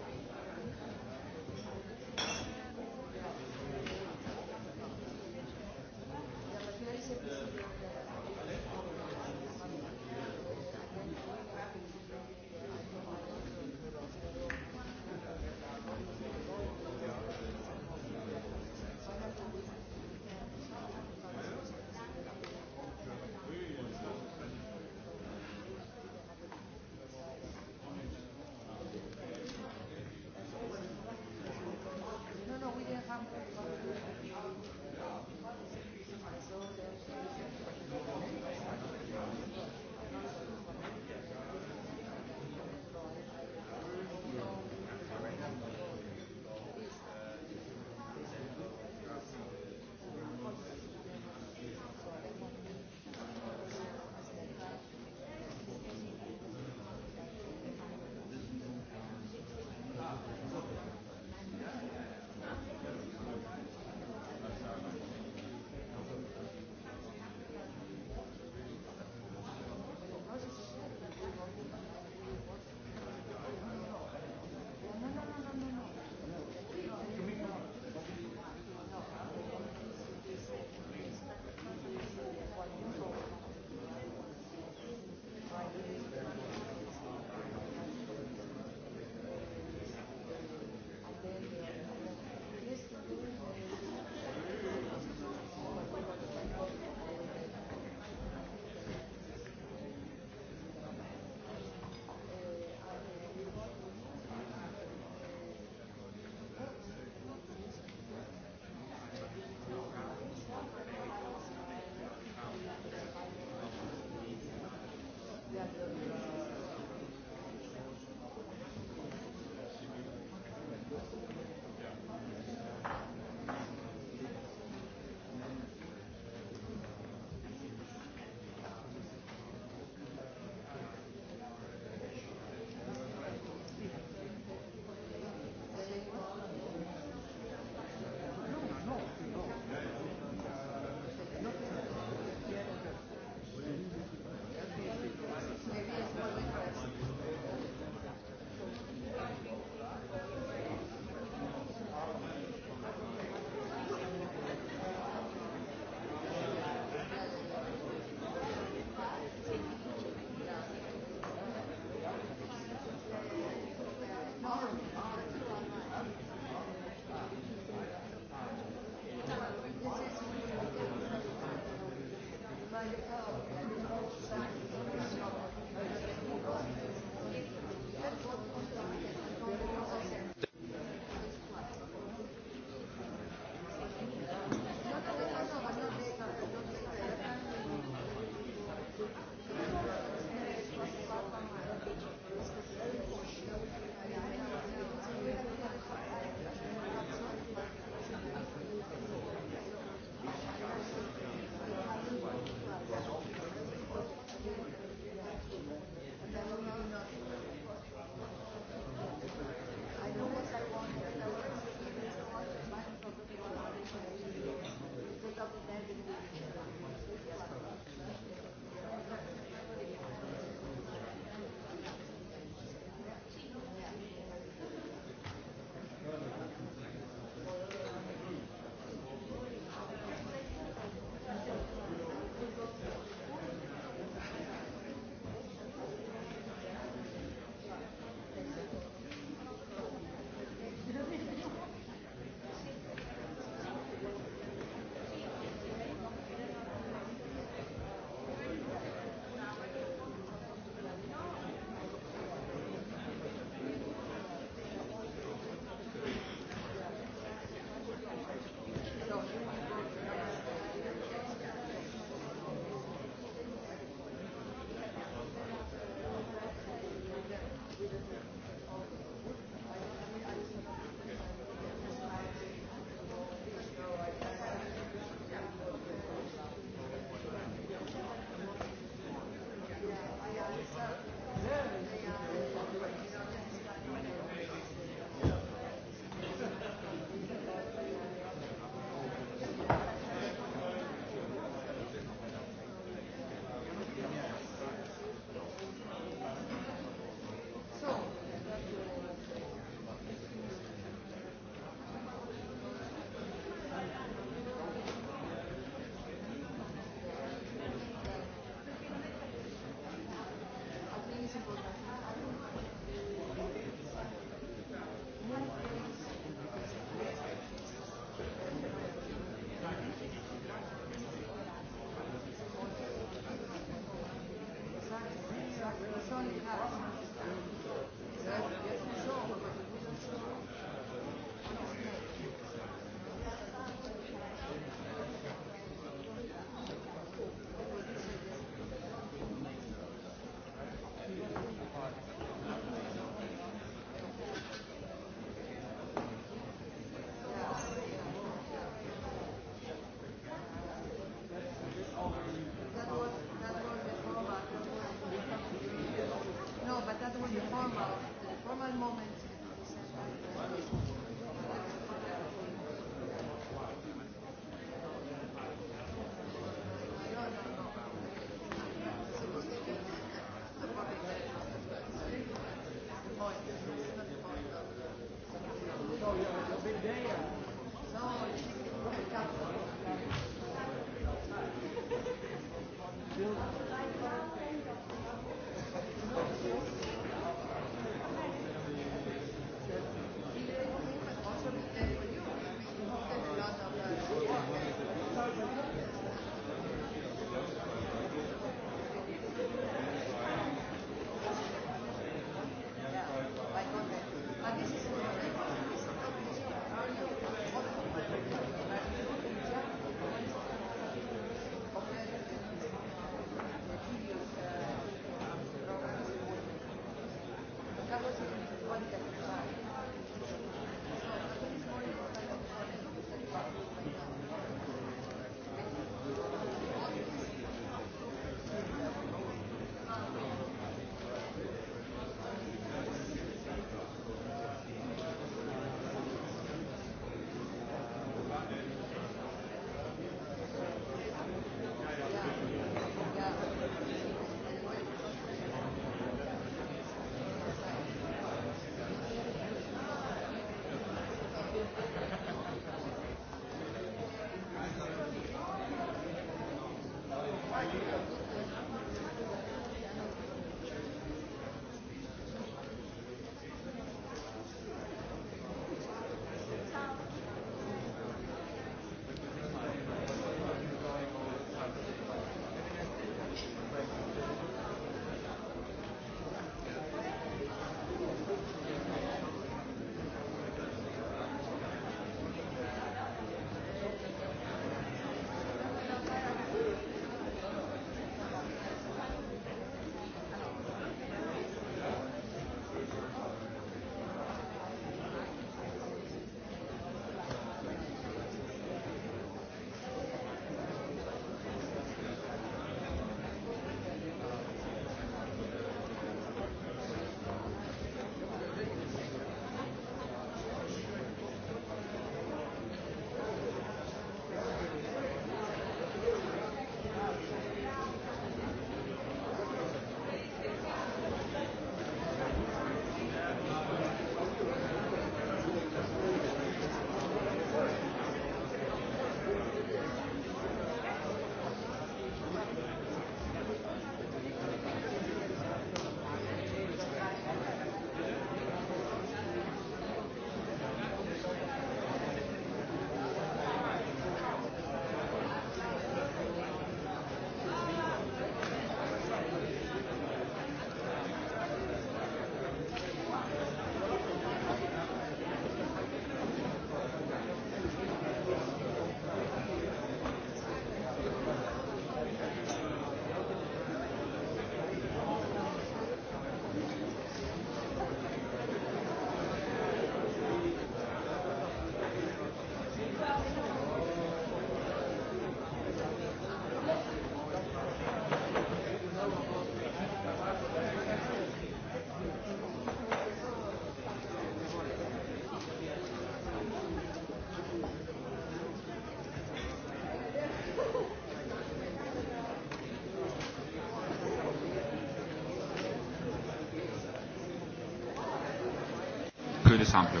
esempio.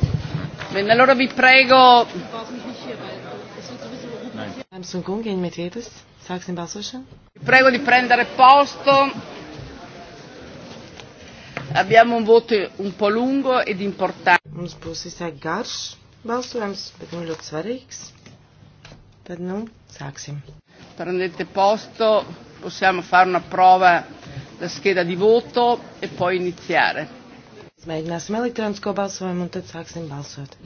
Bene, allora vi prego. Dāmas un kungi, ieņemiet vietas. Sāksim balsošanu. Prego di prendere posto. Abbiamo un voto un po' lungo ed importante. Mums būs visai garš balsojums, bet nu ļoti svarīgs. Tad nu, sāksim. Prendete posto, possiamo fare una prova da scheda di voto e poi iniziare. Mēģināsim elektronisko balsojumu un tad sāksim balsot.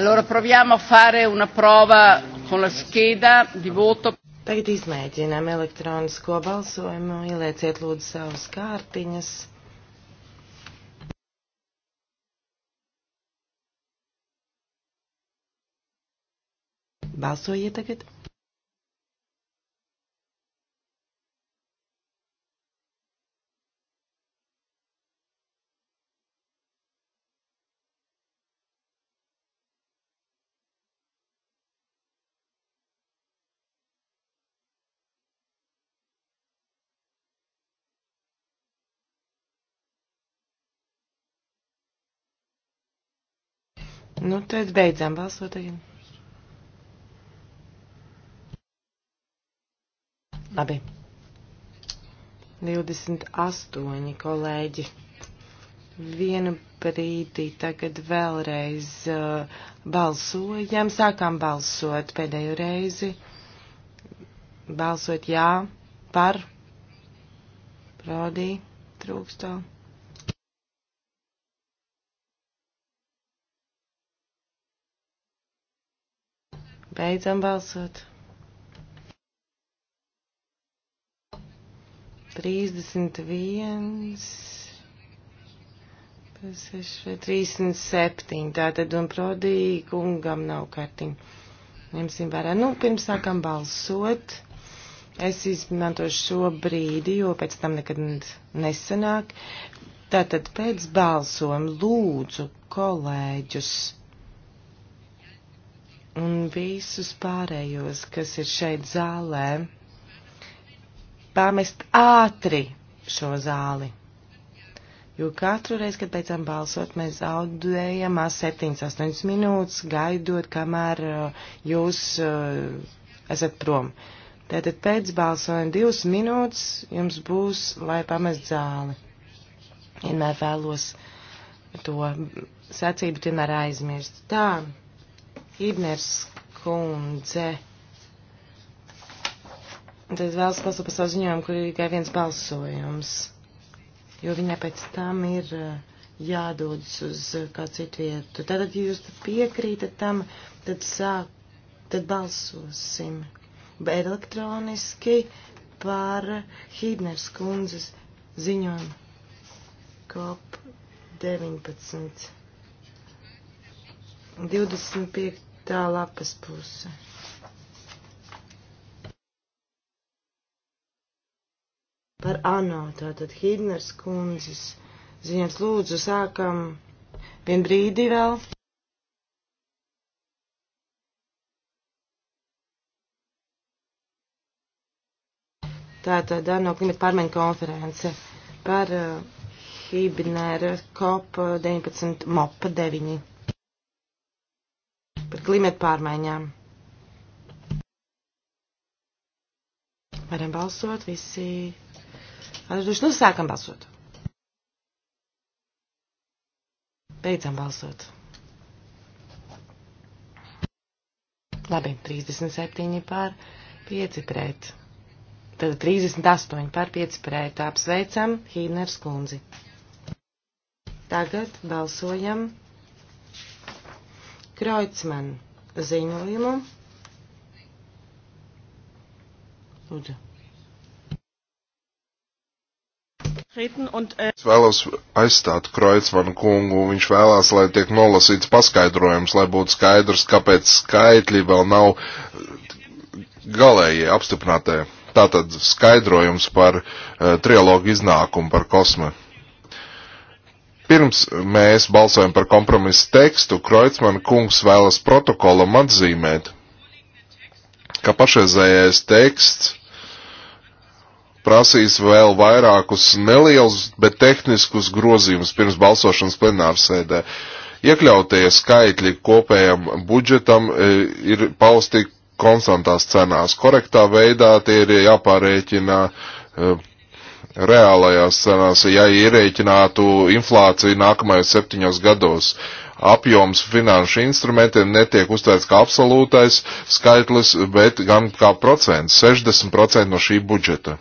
Allora proviamo a fare una prova con la scheda di voto. Tagad izmēģinām elektronisko balsojumu. Ielieciet lūdzu savas kārtiņas. Balsojiet tagad. Nu, tad beidzām balsot tagad. Labi. 28 kolēģi. Vienu brīdi tagad vēlreiz uh, balsojam, sākām balsot pēdējo reizi. Balsot jā, par, prodī, trūksto. Beidzam balsot. 31, 37, tātad un prodī kungam nav kartiņa. Ņemsim vērā. Nu, pirms sākam balsot, es izmantošu šo brīdi, jo pēc tam nekad nesanāk. Tātad pēc balsojuma lūdzu kolēģus un visus pārējos, kas ir šeit zālē pamest ātri šo zāli. Jo katru reizi, kad beidzam balsot, mēs zaudējam 7-8 minūtes, gaidot, kamēr jūs esat prom. Tātad pēc balsojuma divas minūtes jums būs, lai pamest zāli. Vienmēr vēlos to sacību, vienmēr aizmirst. Tā, Ibners kundze. Tad vēl sklasu par savu ziņojumu, kur ir tikai viens balsojums, jo viņai pēc tam ir eh, jādodas uz eh, kādu citu vietu. Tātad, ja jūs piekrītat tam, tad sāk, tad balsosim Bet elektroniski par Hībners kundzes ziņojumu. Kop 19. 25. lapas puse. par ANO, tātad Hidners kundzes ziņas lūdzu sākam vien brīdi vēl. Tātad ANO klimata pārmaiņu konference par uh, Hibnera COP 19 MOPA 9 par klimata pārmaiņām. Varam balsot visi Atveduši, nu sākam balsot. Beidzam balsot. Labi, 37 pār 5 pret. Tad 38 pār 5 pret. Apsveicam Hīners kundzi. Tagad balsojam Kreutzmann ziņojumu. Lūdzu. Äh, es vēlos aizstāt Kreutzmanu kungu. Viņš vēlās, lai tiek nolasīts paskaidrojums, lai būtu skaidrs, kāpēc skaitļi vēl nav uh, galējie apstiprinātie. Tātad skaidrojums par uh, trialogu iznākumu par kosmu. Pirms mēs balsojam par kompromisu tekstu, Kreutzmann kungs vēlas protokolam atzīmēt, ka pašreizējais teksts prasīs vēl vairākus nelielus, bet tehniskus grozījumus pirms balsošanas plenārsēdē. Iekļautie skaitļi kopējam budžetam e, ir pausti konstantās cenās. Korektā veidā tie ir jāpārēķina e, reālajās cenās, ja ierēķinātu inflāciju nākamajos septiņos gados apjoms finanšu instrumentiem netiek uztvērts kā absolūtais skaitlis, bet gan kā procents - 60% no šī budžeta.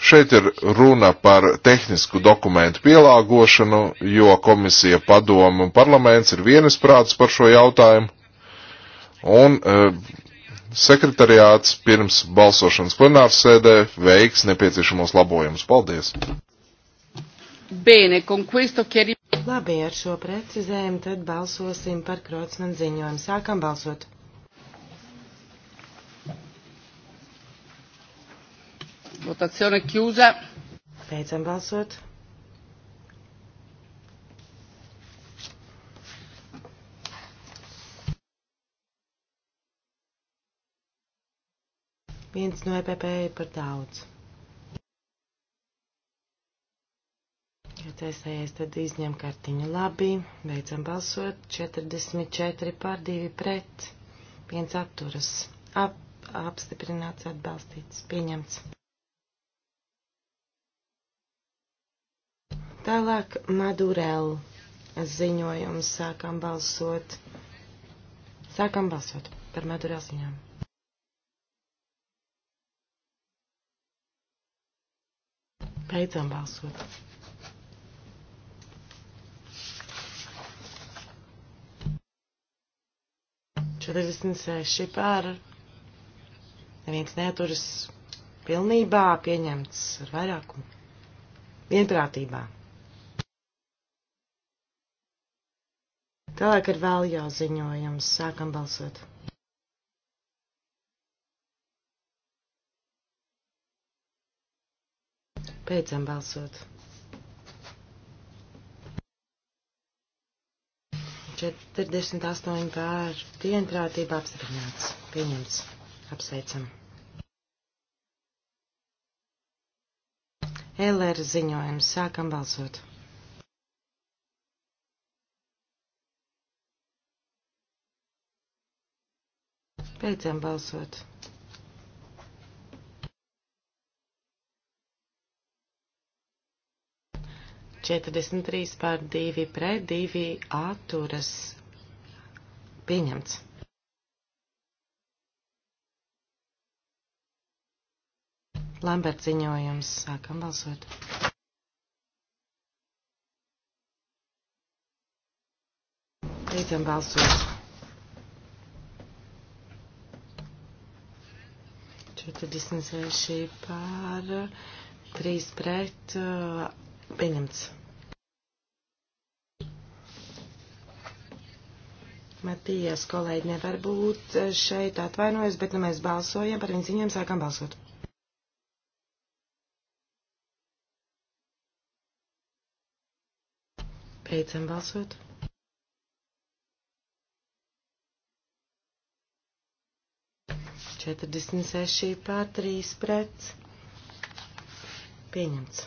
Šeit ir runa par tehnisku dokumentu pielāgošanu, jo komisija, padoma un parlaments ir vienisprāts par šo jautājumu. Un e, sekretariāts pirms balsošanas plenārsēdē veiks nepieciešamos labojumus. Paldies! Bene, con questo chiarimento. Labi, ar šo precizējumu tad balsosim par Krocman ziņojumu. Sākam balsot! Votazione chiusa. Beidzam balsot. Viens no EPP ir par daudz. Ja taisējais, tad izņem kartiņu labi. Beidzam balsot. 44 pār 2 pret. Viens atturas. Ap, apstiprināts, atbalstīts, pieņemts. Tālāk Madurel ziņojums sākam balsot. Sākam balsot par Madurel ziņām. Beidzam balsot. Četrdesmit seši pār. Neviens neaturas pilnībā pieņemts ar vairākumu. Vienprātībā. Tālāk ir vēl jāziņojums. Sākam balsot. Beidzam balsot. 48 pār vienprātība apstiprināts. Pieņemts. Apsveicam. LR ziņojums. Sākam balsot. Beidzam balsot. Četrdesmit trīs pār divi pret divi atturas pieņemts. Lambert ziņojums. Sākam balsot. Beidzam balsot. 496 pār 3 pret pieņemts. Matijas kolēģi nevar būt šeit atvainojas, bet nu mēs balsojam par viņas ziņām, sākam balsot. Beidzam balsot. 46 pār 3 pret. Pieņemts.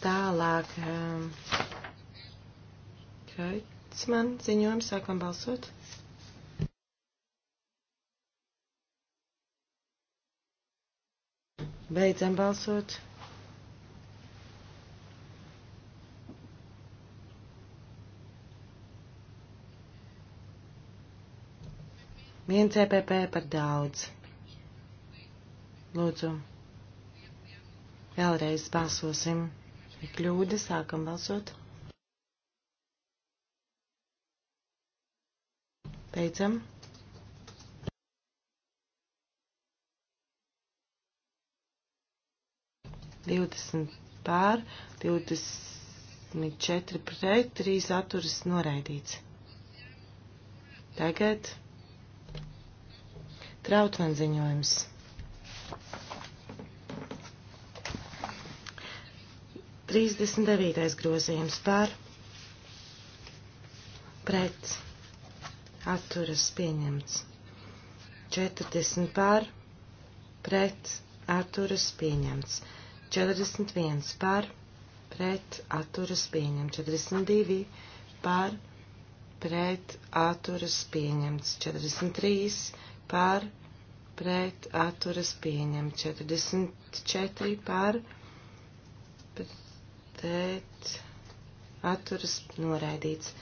Tālāk. Um, Kreits man ziņojums, sākam balsot. Beidzam balsot. Viens EPP par daudz. Lūdzu, vēlreiz balsosim. Ir kļūda, sākam balsot. Beidzam. Divdesmit pār, divdesmit četri pret, trīs atturas noraidīts. Tagad Trautman ziņojums. Trīsdesmit devītais grozījums par pret atturas pieņemts. 40 par pret atturas pieņemts. 41 par pret atturas pieņemts. 42 par pret atturas pieņemts. 43 par pret atturas pieņem 44 par pret atturas noraidīts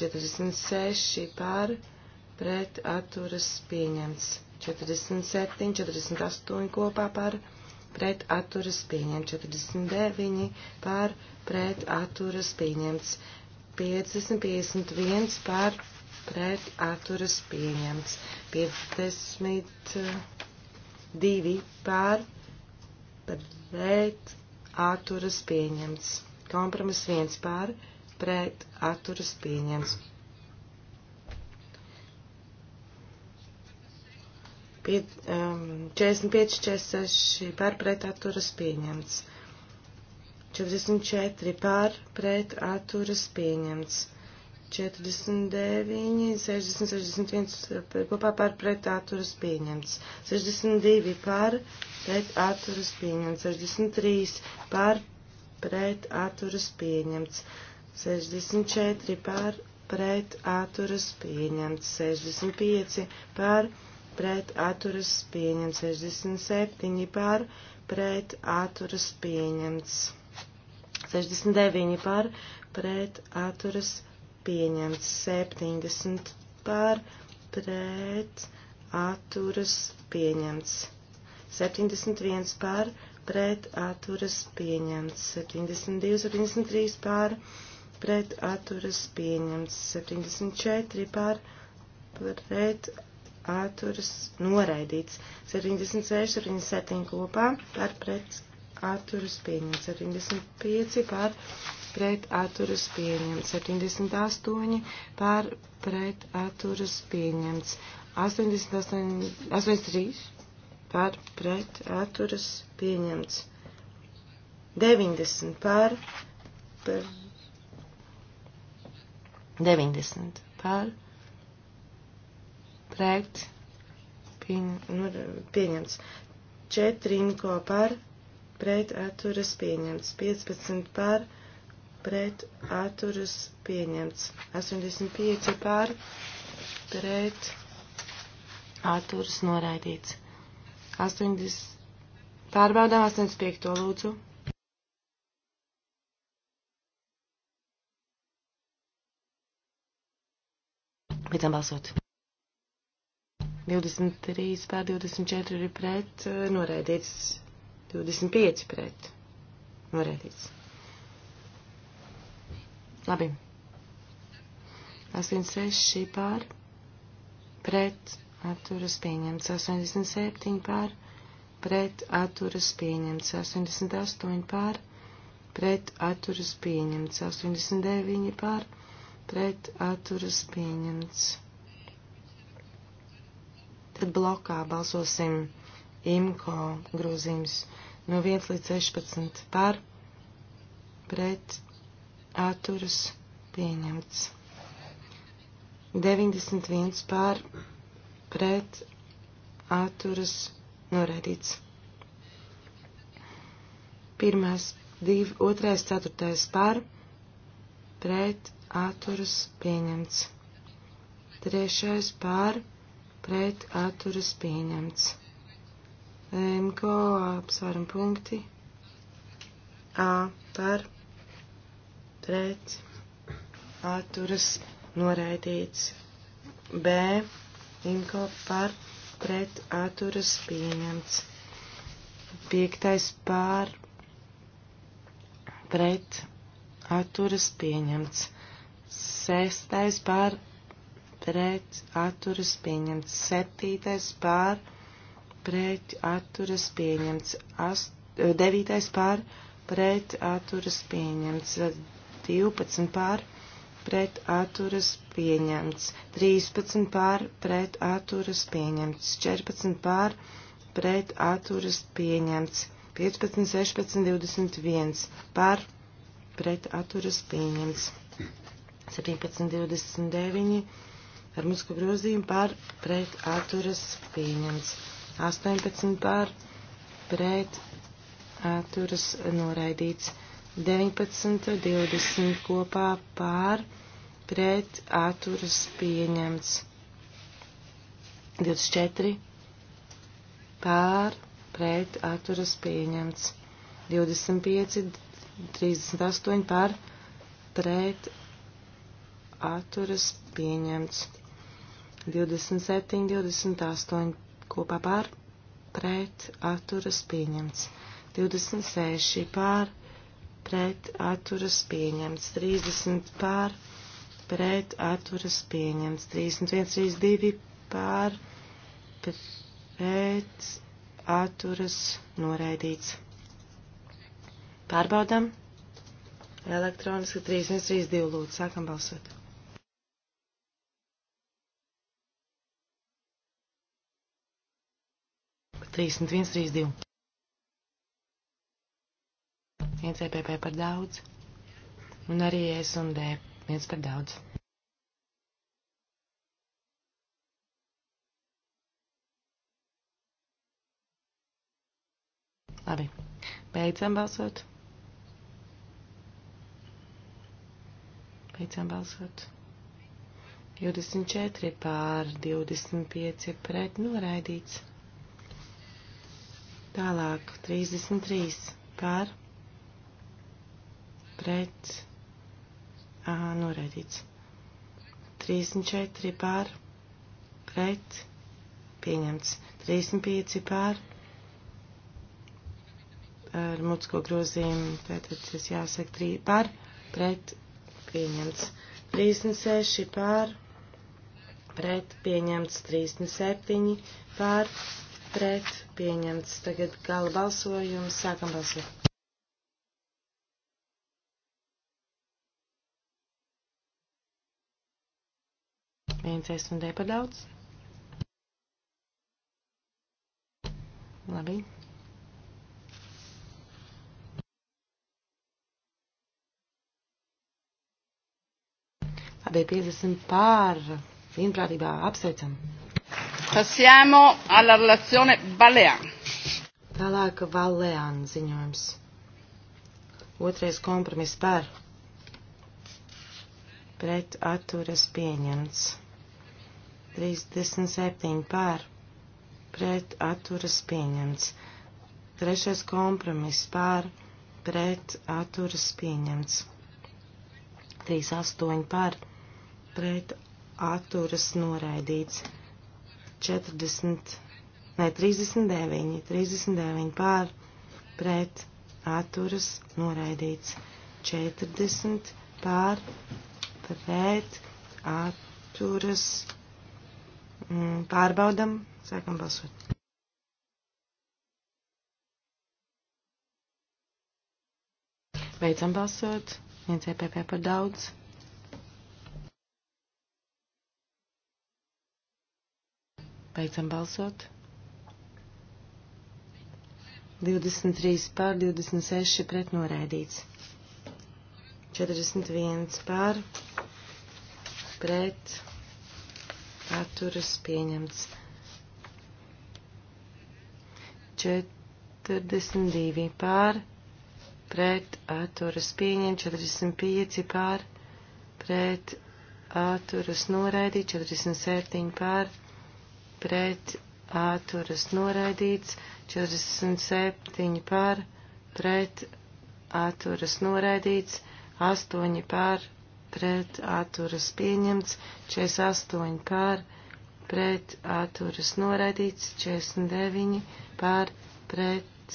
46 par pret atturas pieņemts 47, 48 kopā par pret atturas pieņemts 49 par pret atturas pieņemts 50, 51 par pret pret atturas pieņemts. 52 uh, pār pret atturas pieņemts. Kompromiss 1 pār pret atturas pieņemts. 45, 46 um, pār pret atturas pieņemts. 44 pār pret atturas pieņemts. 49, 60, 61 kopā par pret atturas pieņemts. 62 par pret atturas pieņemts. 63 par pret atturas pieņemts. 64 par pret atturas pieņemts. 65 par pret atturas pieņemts. 67 par pret atturas pieņemts. 69 par pret atturas pieņemts pieņemts 70 par pret atturas pieņemts 71 par pret atturas pieņemts 72, 73 par pret atturas pieņemts 74 par pret atturas noraidīts 76, 77 kopā par pret atturas pieņemts 75 par pret pret atturas pieņemts, 78 par pret atturas pieņemts, 88, 83 par pret atturas pieņemts, 90 par, par 90 par pret pieņ, nu, pieņemts, 4 inko par pret atturas pieņemts, 15 par pret pret atturas pieņemts. 85 pār pret atturas noraidīts. 80. Pārbaudām 85. lūdzu. Beidzam balsot. 23 pār 24 ir pret, noraidīts 25 pret. Noraidīts. Labi. 86 pār pret atturas pieņemts. 87 pār pret atturas pieņemts. 88 pār pret atturas pieņemts. 89 pār pret atturas pieņemts. Tad blokā balsosim IMCO grozījums no 1 līdz 16 pār pret atturas pieņemts. 91 pār pret atturas noraidīts. Pirmais, divi, otrais, ceturtais pār pret atturas pieņemts. Trešais pār pret atturas pieņemts. MKO apsvaram punkti. A par pret, atturas, noraidīts. B, imko par, pret, atturas, pieņemts. Piektais par, pret, atturas, pieņemts. Sestais par, pret, atturas, pieņemts. Septītais par, pret, atturas, pieņemts. Ast, eh, devītais par, pret, atturas, pieņemts 12 pār pret atturas pieņemts, 13 pār pret atturas pieņemts, 14 pār pret atturas pieņemts, 15, 16, 21 pār pret atturas pieņemts, 17, 29 ar musku grozījumu pār pret atturas pieņemts, 18 pār pret atturas noraidīts. 19, 20 kopā pār pret atturas pieņemts. 24 pār pret atturas pieņemts. 25, 38 pār pret atturas pieņemts. 27, 28 kopā pār pret atturas pieņemts. 26 pār pret atturas pieņemts 30 pār, pret atturas pieņemts 31, 32 pār, pret atturas noraidīts. Pārbaudam. Elektroniski 3132 lūdzu, sākam balsot. Trīsdesmit viens, trīs divi viens EPP par daudz, un arī S un D viens par daudz. Labi, beidzam balsot. Beidzam balsot. 24 pār 25 pret noraidīts. Tālāk 33 pār pret, ā, noraidīts. 34 pār, pret, pieņemts. 35 pār, ar mutisko grozījumu, tātad tas jāsaka 3 pār, pret, pieņemts. 36 pār, pret, pieņemts. 37 pār, pret, pieņemts. Tagad gala balsojums, sākam balsot. viens SD par daudz. Labi. Labi, 50 pār. Vienprātībā apsveicam. Passiamo alla relazione Balean. Tālāk Balean ziņojums. Otrais kompromiss par. Pret atturas pieņemts. 37 pār, pret atturas pieņemts. Trešais kompromiss pār, pret atturas pieņemts. 38 pār, pret atturas noraidīts. 40, ne 39, 39 pār, pret atturas noraidīts. 40 pār, pret atturas noraidīts Mm, pārbaudam, sākam balsot. Beidzam balsot, viens EPP par daudz. Beidzam balsot. 23 pār 26 pret noraidīts. 41 pār pret atturas pieņemts. 42 pār, pret atturas pieņemts. 45 pār, pret atturas noraidīts. 47 pār, pret atturas noraidīts. 47 pār, pret atturas noraidīts. 8 pār, pret atturas pieņemts, 48 pār, pret atturas noraidīts, 49 pār, pret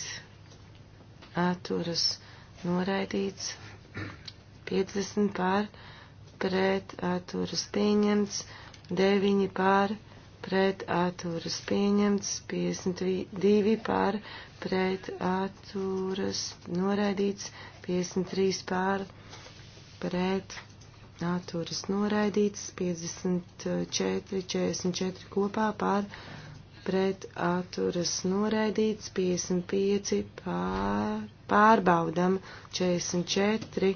atturas noraidīts, 50 pār, pret atturas pieņemts, 9 pār, pret atturas pieņemts, 52 pār, pret atturas noraidīts, 53 pār, pret atturas atturas noraidīts, 54, 44 kopā pār pret atturas noraidīts, 55 pār, pārbaudam, 44,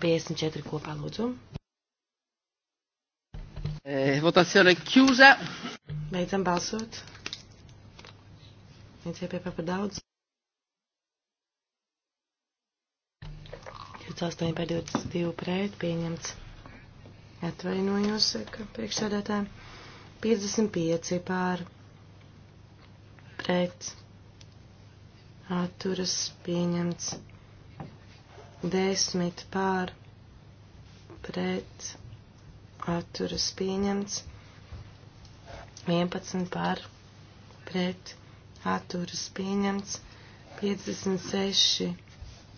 54 kopā lūdzu. Eh, votazione chiusa. Beidzam balsot. Viens iepie par daudz. 28 par 22 pret pieņemts. Atvainojos, ka priekšsēdētāji 55 pār pret atturas pieņemts. 10 pār pret atturas pieņemts. 11 pār pret atturas pieņemts. 56,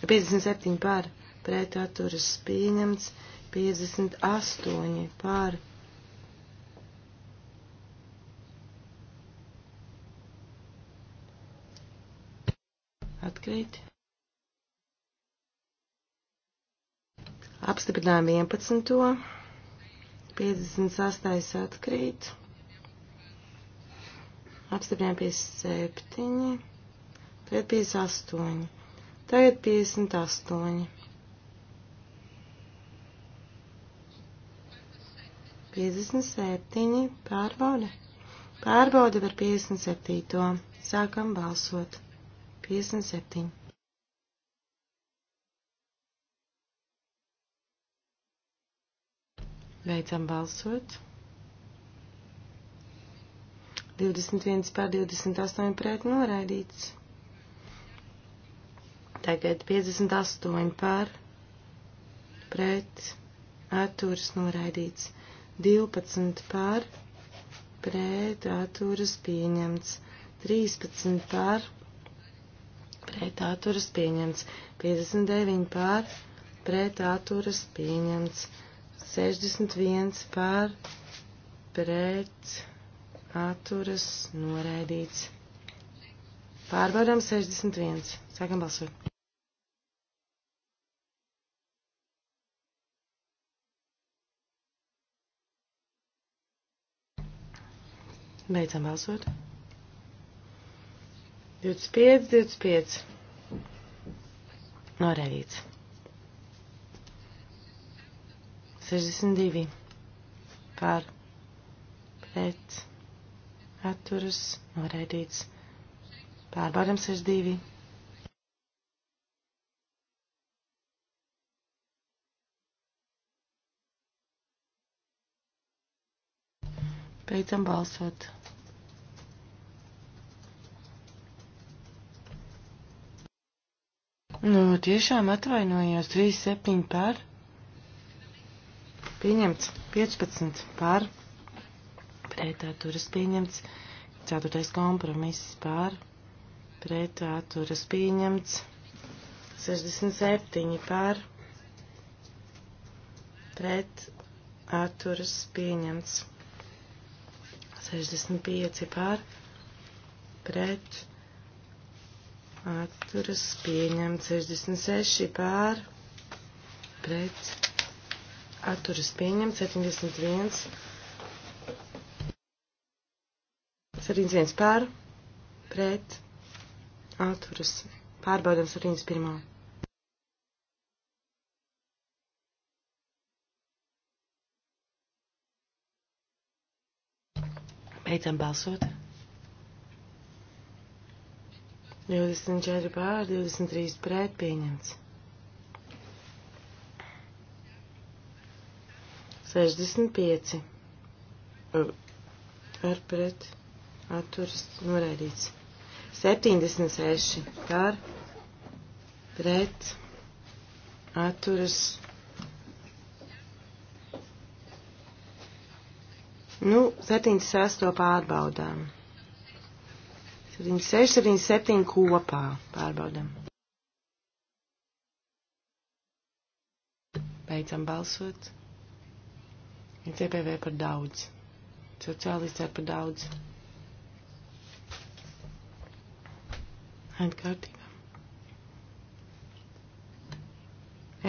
57 pār pret atturas pieņemts 58 par atkrīt. Apstiprinām 11. 58. atkrīt. Apstiprinām 57. Tagad 58. Tagad 58. 57. Pārbauda. Pārbauda par 57. Sākam balsot. 57. Beidzam balsot. 21 pār 28 pret noraidīts. Tagad 58 pār pret atturs noraidīts. 12 pār, pret atturas pieņemts, 13 pār, pret atturas pieņemts, 59 pār, pret atturas pieņemts, 61 pār, pret atturas noraidīts. Pārbaudām 61. Sākam balsot. Beidzam balsot. 25, 25. Norēdīts. 62. Pār. Pret. Atturas. Norēdīts. Pārbaudam 62. Beidzam balsot. Nu, tiešām atvainojos 37 pār. Pieņemts 15 pār. Pretā turas pieņemts 4. kompromiss pār. Pretā turas pieņemts 67 pār pret atturas pieņemts. 65 pār pret atturas pieņemt 66 pār pret atturas pieņemt 71 71 pār pret atturas pārbaudam 71 Beidzam balsot. 24 pār, 23 pret pieņemts. 65 ar pret atturas norēdīts. 76 par pret atturas norēdīts Nu, 76 pārbaudām. 76, 77 kopā pārbaudām. Beidzam balsot. Ir CPV par daudz. Sociālists ir par daudz. Atkārtīgam.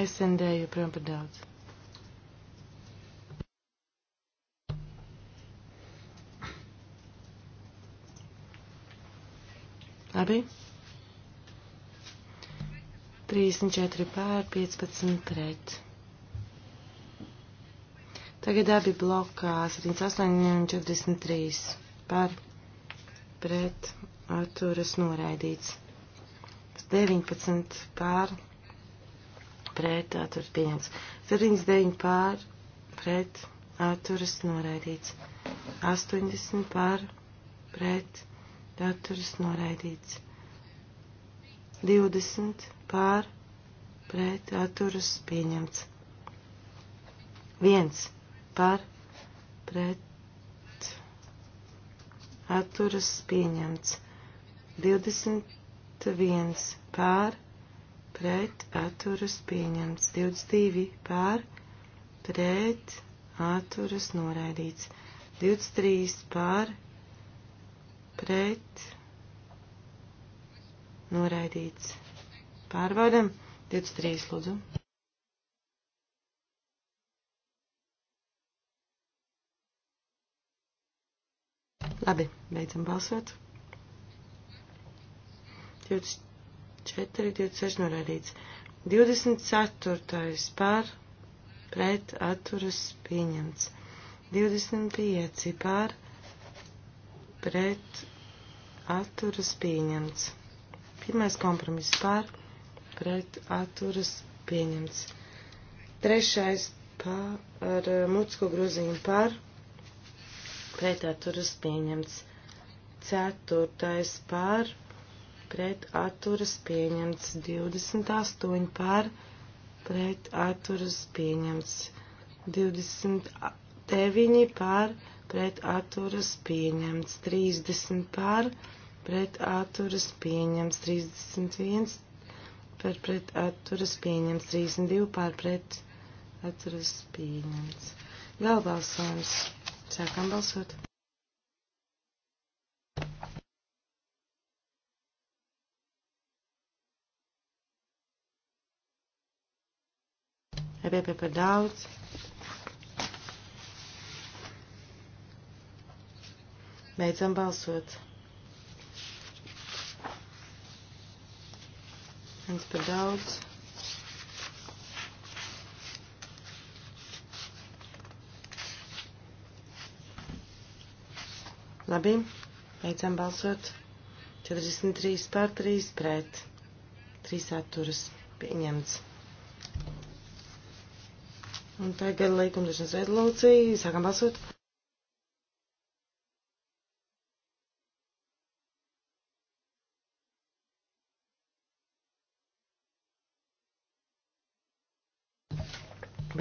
SND joprojām par daudz. Labi. 34 pār 15 pret. Tagad abi blokā 78 un 43 pār pret atturas noraidīts. 19 pār pret atturas pieņemts. 79 pār pret atturas noraidīts. 80 pār pret pret atturas noraidīts. 20 pār pret atturas pieņemts. 1 pār pret atturas pieņemts. 21 pār pret atturas pieņemts. 22 pār pret atturas noraidīts. 23 pār pret pret, noraidīts. Pārbaudam, 23 lūdzu. Labi, beidzam balsot. 24, 26 norādīts. 24. pār, pret, atturas, pieņemts. 25. pār, pret, atturas pieņemts. Pirmais kompromiss par, pret atturas pieņemts. Trešais par, ar eh, mutisko grozījumu par, pret atturas pieņemts. Ceturtais par, pret atturas pieņemts. 28 par, pret atturas pieņemts. 29 par, pret atturas pieņemts. 30 par, pret atturas pieņemts pret atturas pieņems 31, par pret atturas pieņems 32, par pret atturas pieņems. Vēl balsojums. Sākam balsot. EPP par daudz. Beidzam balsot. viens par daudz. Labi, beidzam balsot. 43 pār 3 pret. 3 atturas pieņemts. Un tagad likumdošanas rezolūcija. Sākam balsot.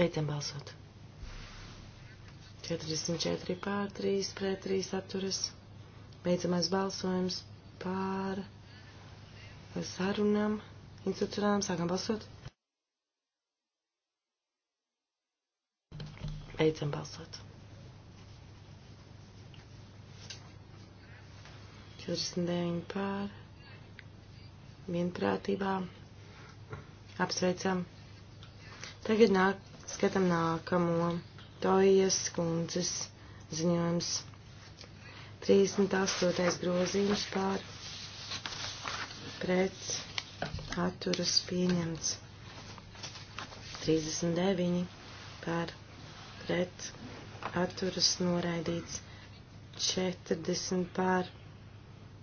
Beidzam balsot. 44 pār 3 pret 3 atturas. Beidzamais balsojums pār sarunām institucionālām. Sākam balsot. Beidzam balsot. 49 pār vienprātībā. Apsveicam. Tagad nāk Skatām nākamo. Tojas kundzes ziņojums. 38. grozījums pār pret atturas pieņemts. 39 pār pret atturas noraidīts. 40 pār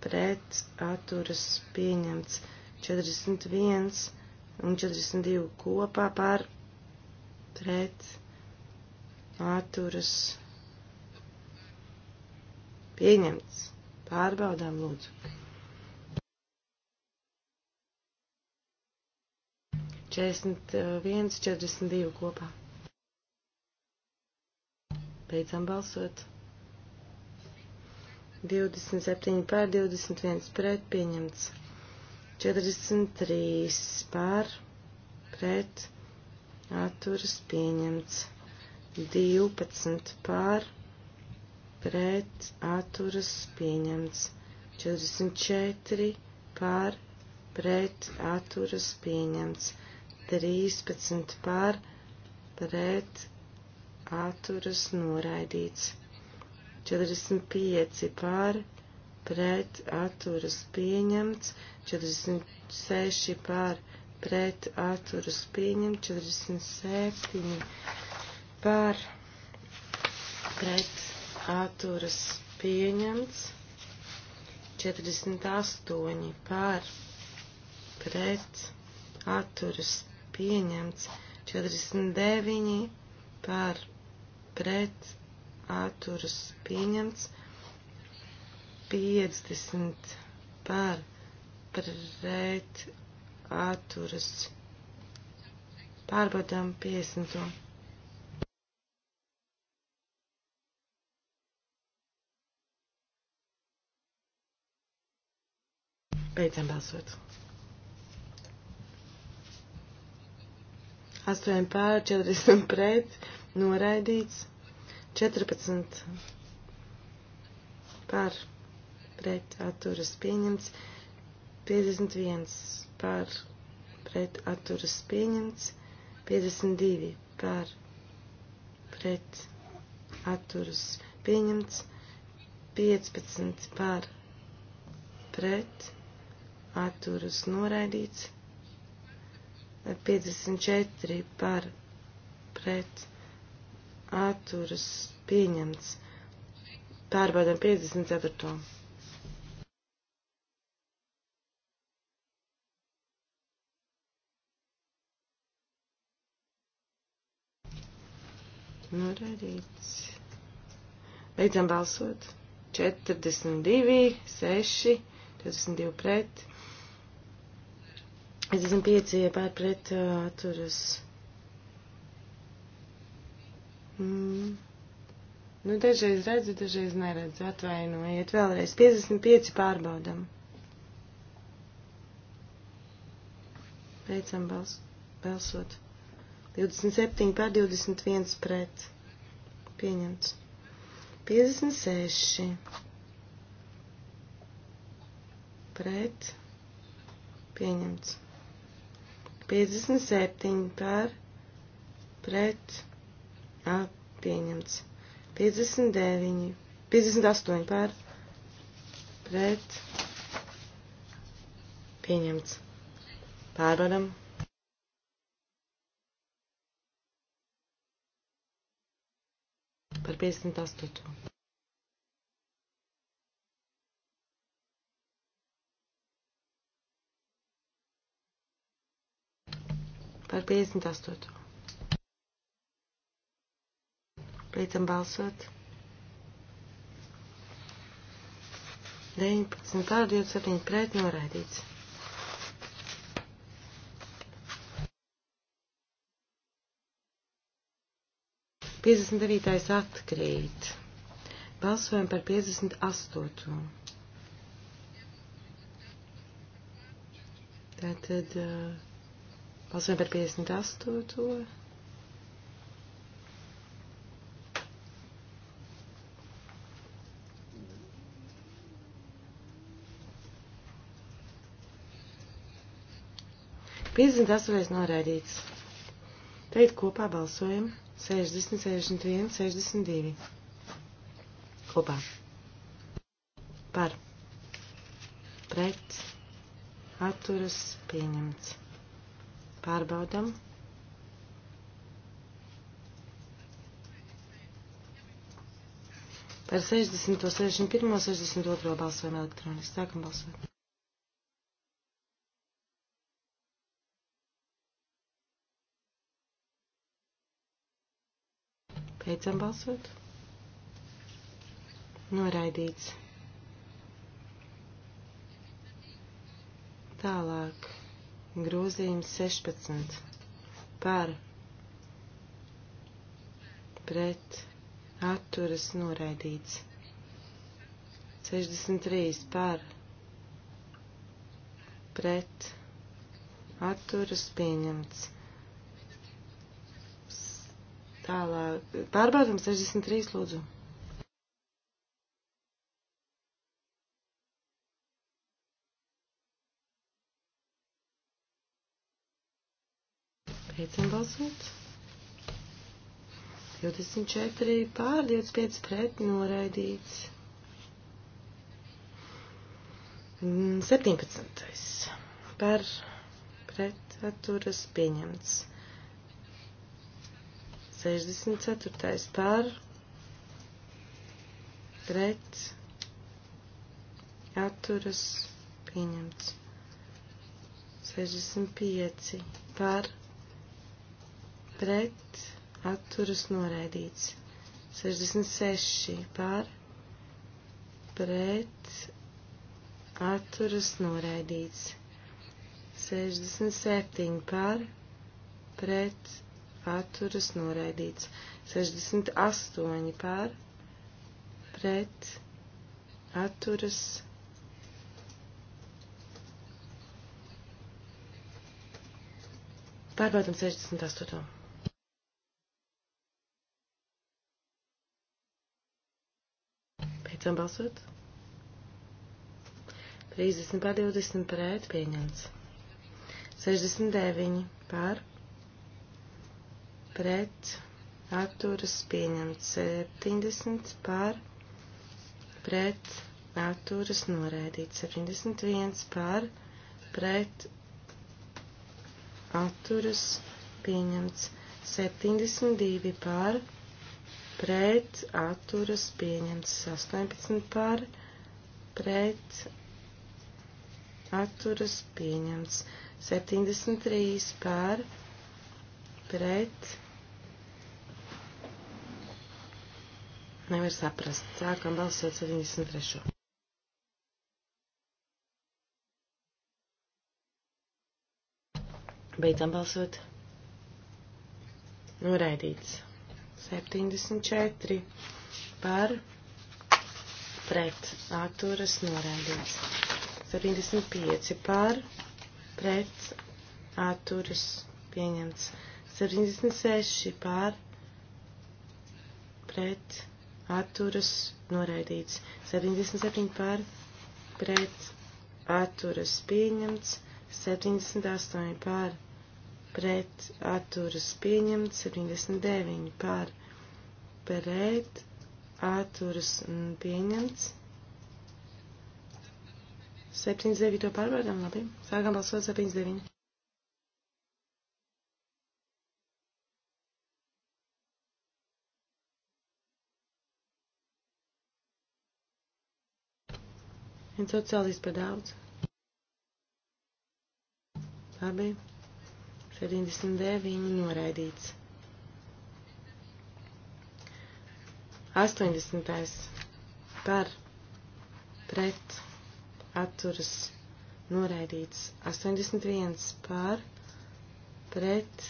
pret atturas pieņemts. 41 un 42 kopā pār pret atturas pieņemts. Pārbaudām lūdzu. 41, 42 kopā. Beidzam balsot. 27 pār 21 pret pieņemts. 43 pār pret atturas pieņemts. 12 pār pret atturas pieņemts. 44 pār pret atturas pieņemts. 13 pār pret atturas noraidīts. 45 pār pret atturas pieņemts. 46 pār pret pret atturas pieņem 47 par pret atturas pieņemts 48 par pret atturas pieņemts 49 par pret atturas pieņemts 50 par pret atturas. Pārbaudām 50. Beidzam balsot. 8 pār 40 pret, noraidīts, 14 pār pret atturas pieņemts, 51 par pret atturas pieņemts, 52 par pret atturas pieņemts, 15 par pret atturas noraidīts, 54 par pret atturas pieņemts. Pārbaudam 54. Norādīts. Nu, Beidzam balsot. 42, 6, 22 pret. 55 pār pret atturas. Mm. Nu, dažreiz redzu, dažreiz neredzu. Atvainojiet, vēlreiz 55 pārbaudam. Beidzam bals balsot. 27 pār 21 pret. Pieņemts. 56 pret. Pieņemts. 57 pār pret. A, pieņemts. 59. 58 pār pret. Pieņemts. Pārbaudam. par 58. par 58. Beidzam balsot. 19 pār 27 pret noraidīts. 59. atkrīt. Balsojam par 58. Tātad uh, balsojam par 58. Piecdesmit astotais noraidīts. Teikt kopā balsojumu. 60, 61, 62. Kopā. Par. Pret. Atturas pieņemts. Pārbaudam. Par 60, 61, 62 balsojam elektroniski. Sākam balsot. Beidzam balsot. Noraidīts. Tālāk. Grozījums 16. Par. Pret. Atturas noraidīts. 63. Par. Pret. Atturas pieņemts. Tālāk, pārbaudam 63 lūdzu. Beidzam balsot. 24 pār 25 pret noraidīts. 17. par pret atturas pieņemts. 64. par pret atturas pieņemts. 65 par pret atturas noraidīts. 66 par pret atturas noraidīts. 67 par pret atturas noraidīts. 68 pār pret atturas pārbaudam 68. Beidzam balsot. 30 pār 20 pret pieņemts. 69 pār pret pret atturas pieņemts 70 par pret atturas noraidīts 71 par pret atturas pieņemts 72 par pret atturas pieņemts 18 par pret atturas pieņemts 73 par pret atturas pieņemts Nevar saprast. Sākam balsot 73. Beidzam balsot. Noraidīts. 74 par pret atturas noraidīts. 75 par pret atturas pieņemts. 76 par pret atturas atturas noraidīts, 77 par pret atturas pieņemts, 78 par pret atturas pieņemts, 79 par pret atturas mm, pieņemts. 79 pārbaudām, labi. Sākam balsot 79. Viens sociālists par daudz. Labi. 79 noraidīts. 80. par pret atturas noraidīts. 81 par pret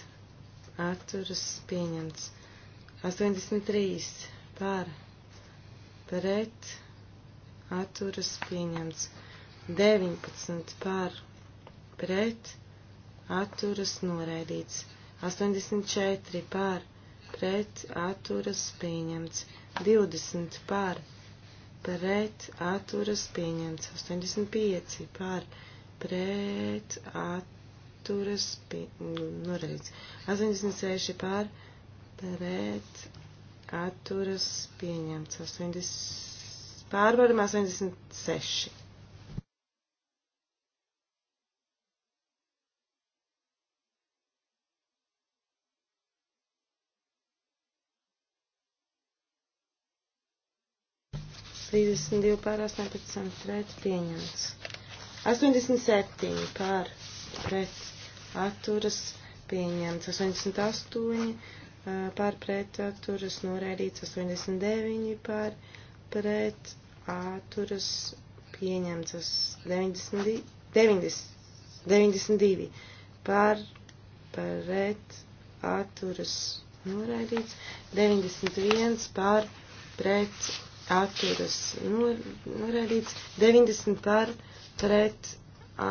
atturas pieņemts. 83 par pret atturas atturas pieņemts. 19 par pret atturas noraidīts. 84 par pret atturas pieņemts. 20 par pret atturas pieņemts. 85 par pret atturas pie... noraidīts. 86 par pret atturas pieņemts. 80 Pārvaram 86. Trīsdesmit divi pār astoņpadsmit pret pieņemts. Astoņdesmit septiņi pār pret atturas pieņemts. Astoņdesmit astoņi pār pret atturas noraidīts. Astoņdesmit deviņi pār pret atturas pieņemtas 90, 90, 92 par pret atturas noraidīts 91 par pret atturas noraidīts 90 par pret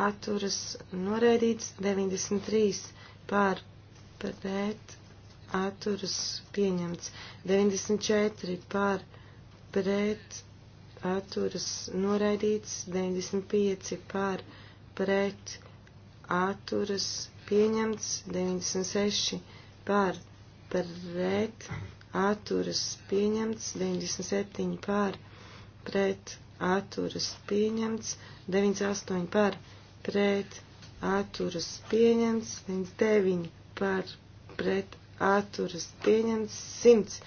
atturas noraidīts 93 par pret atturas pieņemts 94 par pret atturas atturas noraidīts, 95 par pret atturas pieņemts, 96 par pret atturas pieņemts, 97 par pret atturas pieņemts, 98 par pret atturas pieņemts, 99 par pret atturas pieņemts, 100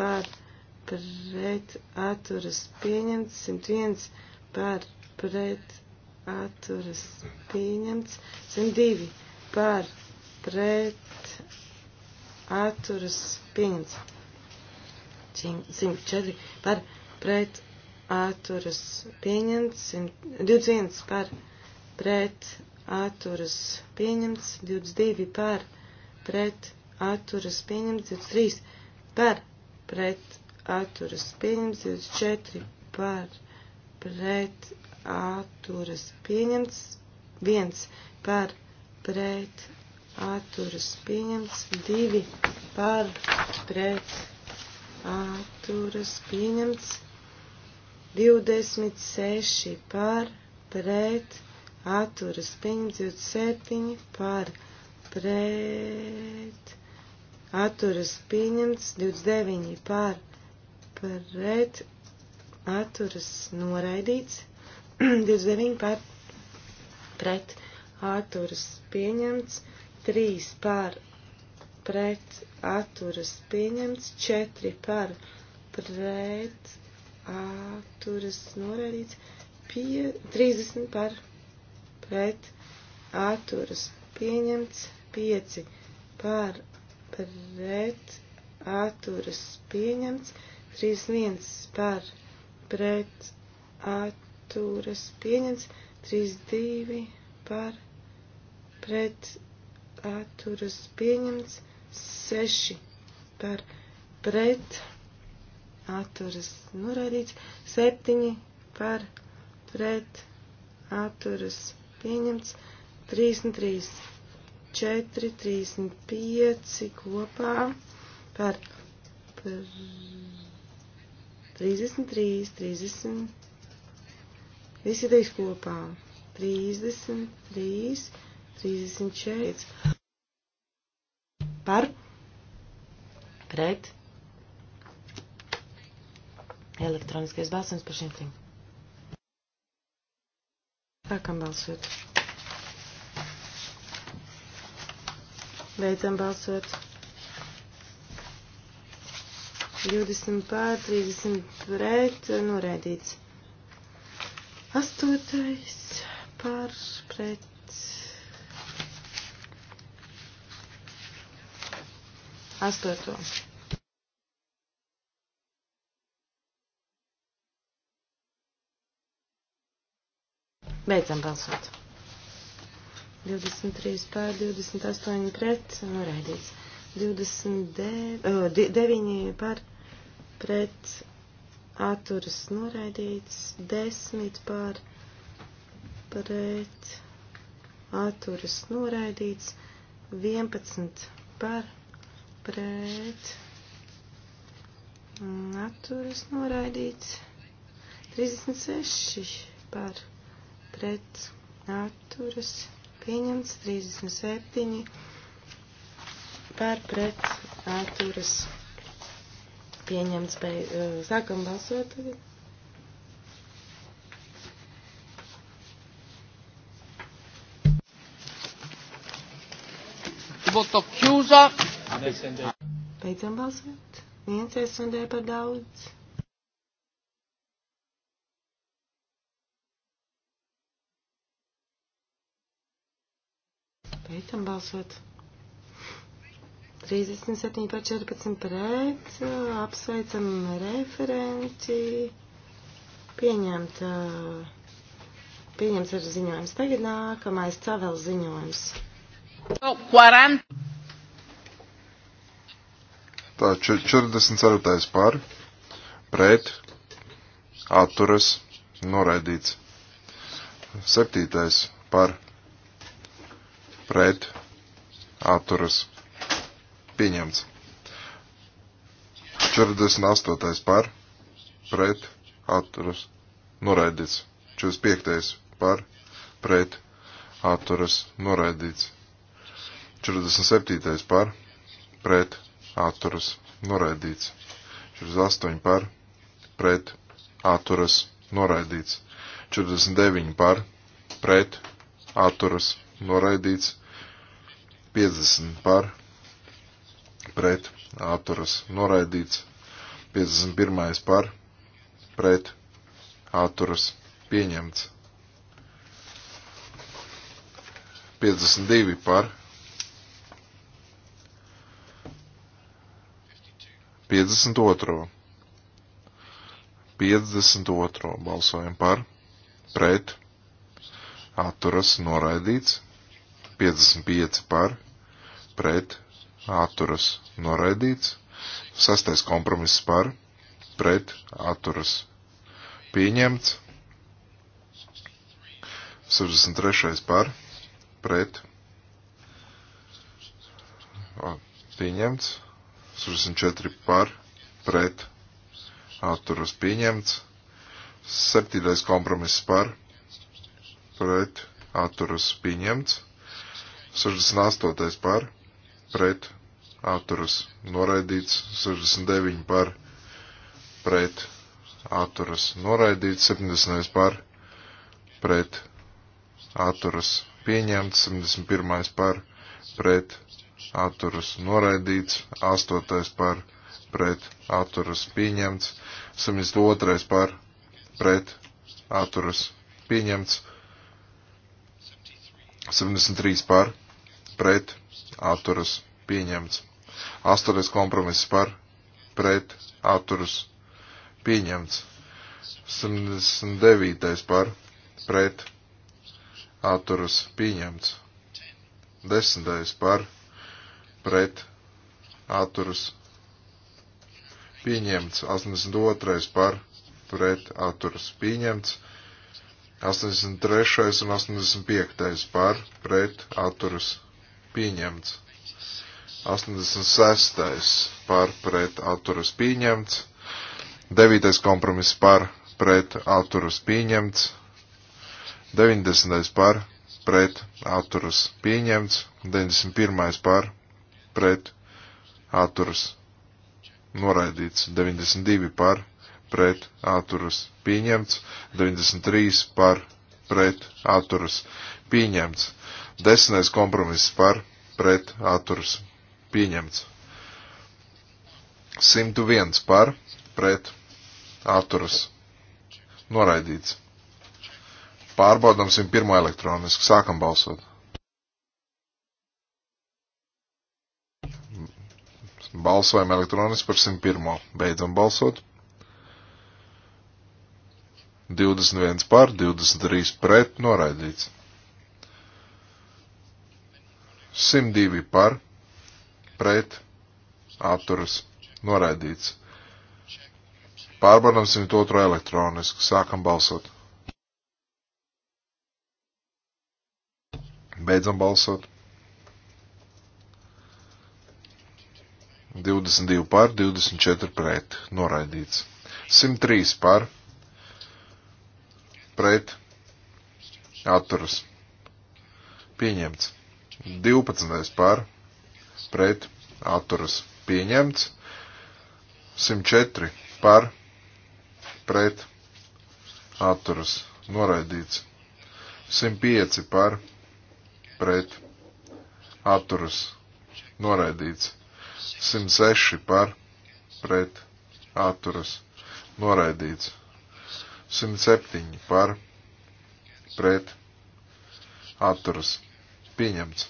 par pret pret atturas pieņemts, 101 par pret atturas pieņemts, 102 par pret atturas pieņemts, 104 par pret atturas pieņemts, 21 par pret atturas pieņemts, 22 par pret atturas pieņemts, 23 par pret atturas pieņemts, 24 par pret atturas pieņemts, 1 par pret atturas pieņemts, 2 par pret atturas pieņemts, 26 par pret atturas pieņemts, 27 par pret atturas pieņemts, 29 par pret pret atturas noraidīts, 29 par pret atturas pieņemts, 3 par pret atturas pieņemts, 4 par pret atturas noraidīts, pie, 30 par pret atturas pieņemts, 5 par pret atturas pieņemts, 3-1 par pret atturas pieņemts, 3-2 par pret atturas pieņemts, 6 par pret atturas norādīts, 7 par pret atturas pieņemts, 33, 4, 35 kopā par pret 33, 30. Visi trīs kopā. 33, 34. Par. Pret. Elektroniskais balsojums par šiem trim. Sākam balsot. Beidzam balsot. 20 pār 30 pret noraidīts. Astotais pār pret. Astoto. Beidzam balsot. 23 pār 28 pret noraidīts. 29 pār pret atturas noraidīts, 10 par pret atturas noraidīts, 11 par pret atturas noraidīts, 36 par pret atturas pieņemts, 37 par pret atturas noraidīts pieņemts, bet sākam balsot tagad. Voto chiusa. Beidzam balsot. Viens SND par daudz. Beidzam balsot. 37 par 14 pret, apsveicam referenti, pieņemt, pieņems ar ziņojums. Tagad nākamais cavels ziņojums. Tā, 44 par, pret, atturas, noraidīts. 7 par, pret, atturas, noraidīts Pieņemts. 48. par, pret, atturas, noraidīts. 45. par, pret, atturas, noraidīts. 47. par, pret, atturas, noraidīts. 48 par, pret, atturas, noraidīts. 49 par, pret, atturas, noraidīts. 50 par, pret atturas noraidīts. 51. par pret atturas pieņemts. 52 par 52. 52. balsojam par, pret, atturas noraidīts, 55 par, pret, atturas noraidīts. Sastais kompromiss par pret atturas pieņemts. 63. par pret pieņemts. 64 par pret atturas pieņemts. 7. kompromiss par pret atturas pieņemts. 68. par pret pret atturas noraidīts, 69 par pret atturas noraidīts, 70 par pret atturas pieņemts, 71 par pret atturas noraidīts, 8 par pret atturas pieņemts, 72 par pret atturas pieņemts, 73 par pret atturas pieņemts. Astoties kompromiss par pret atturas pieņemts. 79. par pret atturas pieņemts. 10. par pret atturas pieņemts. 82. par pret atturas pieņemts. 83. un 85. par pret atturas pieņemts pieņemts. 86. par pret atturas pieņemts. 9. kompromiss par pret atturas pieņemts. 90. par pret atturas pieņemts. 91. par pret atturas noraidīts. 92. par pret atturas pieņemts. 93. par pret atturas pieņemts. Desmitais kompromiss par pret atturs pieņemts. 101 par pret atturs noraidīts. Pārbaudam 101 elektroniski. Sākam balsot. Balsojam elektroniski par 101. Beidzam balsot. 21 par, 23 pret, noraidīts. 102 par, pret, atturas, noraidīts. Pārbaudām 102 elektroniski, sākam balsot. Beidzam balsot. 22 par, 24 pret, noraidīts. 103 par, pret, atturas, pieņemts. 12. par pret atturas pieņemts. 104 par pret atturas noraidīts. 105 par pret atturas noraidīts. 106 par pret atturas noraidīts. 107 par pret atturas noraidīts Pieņemts.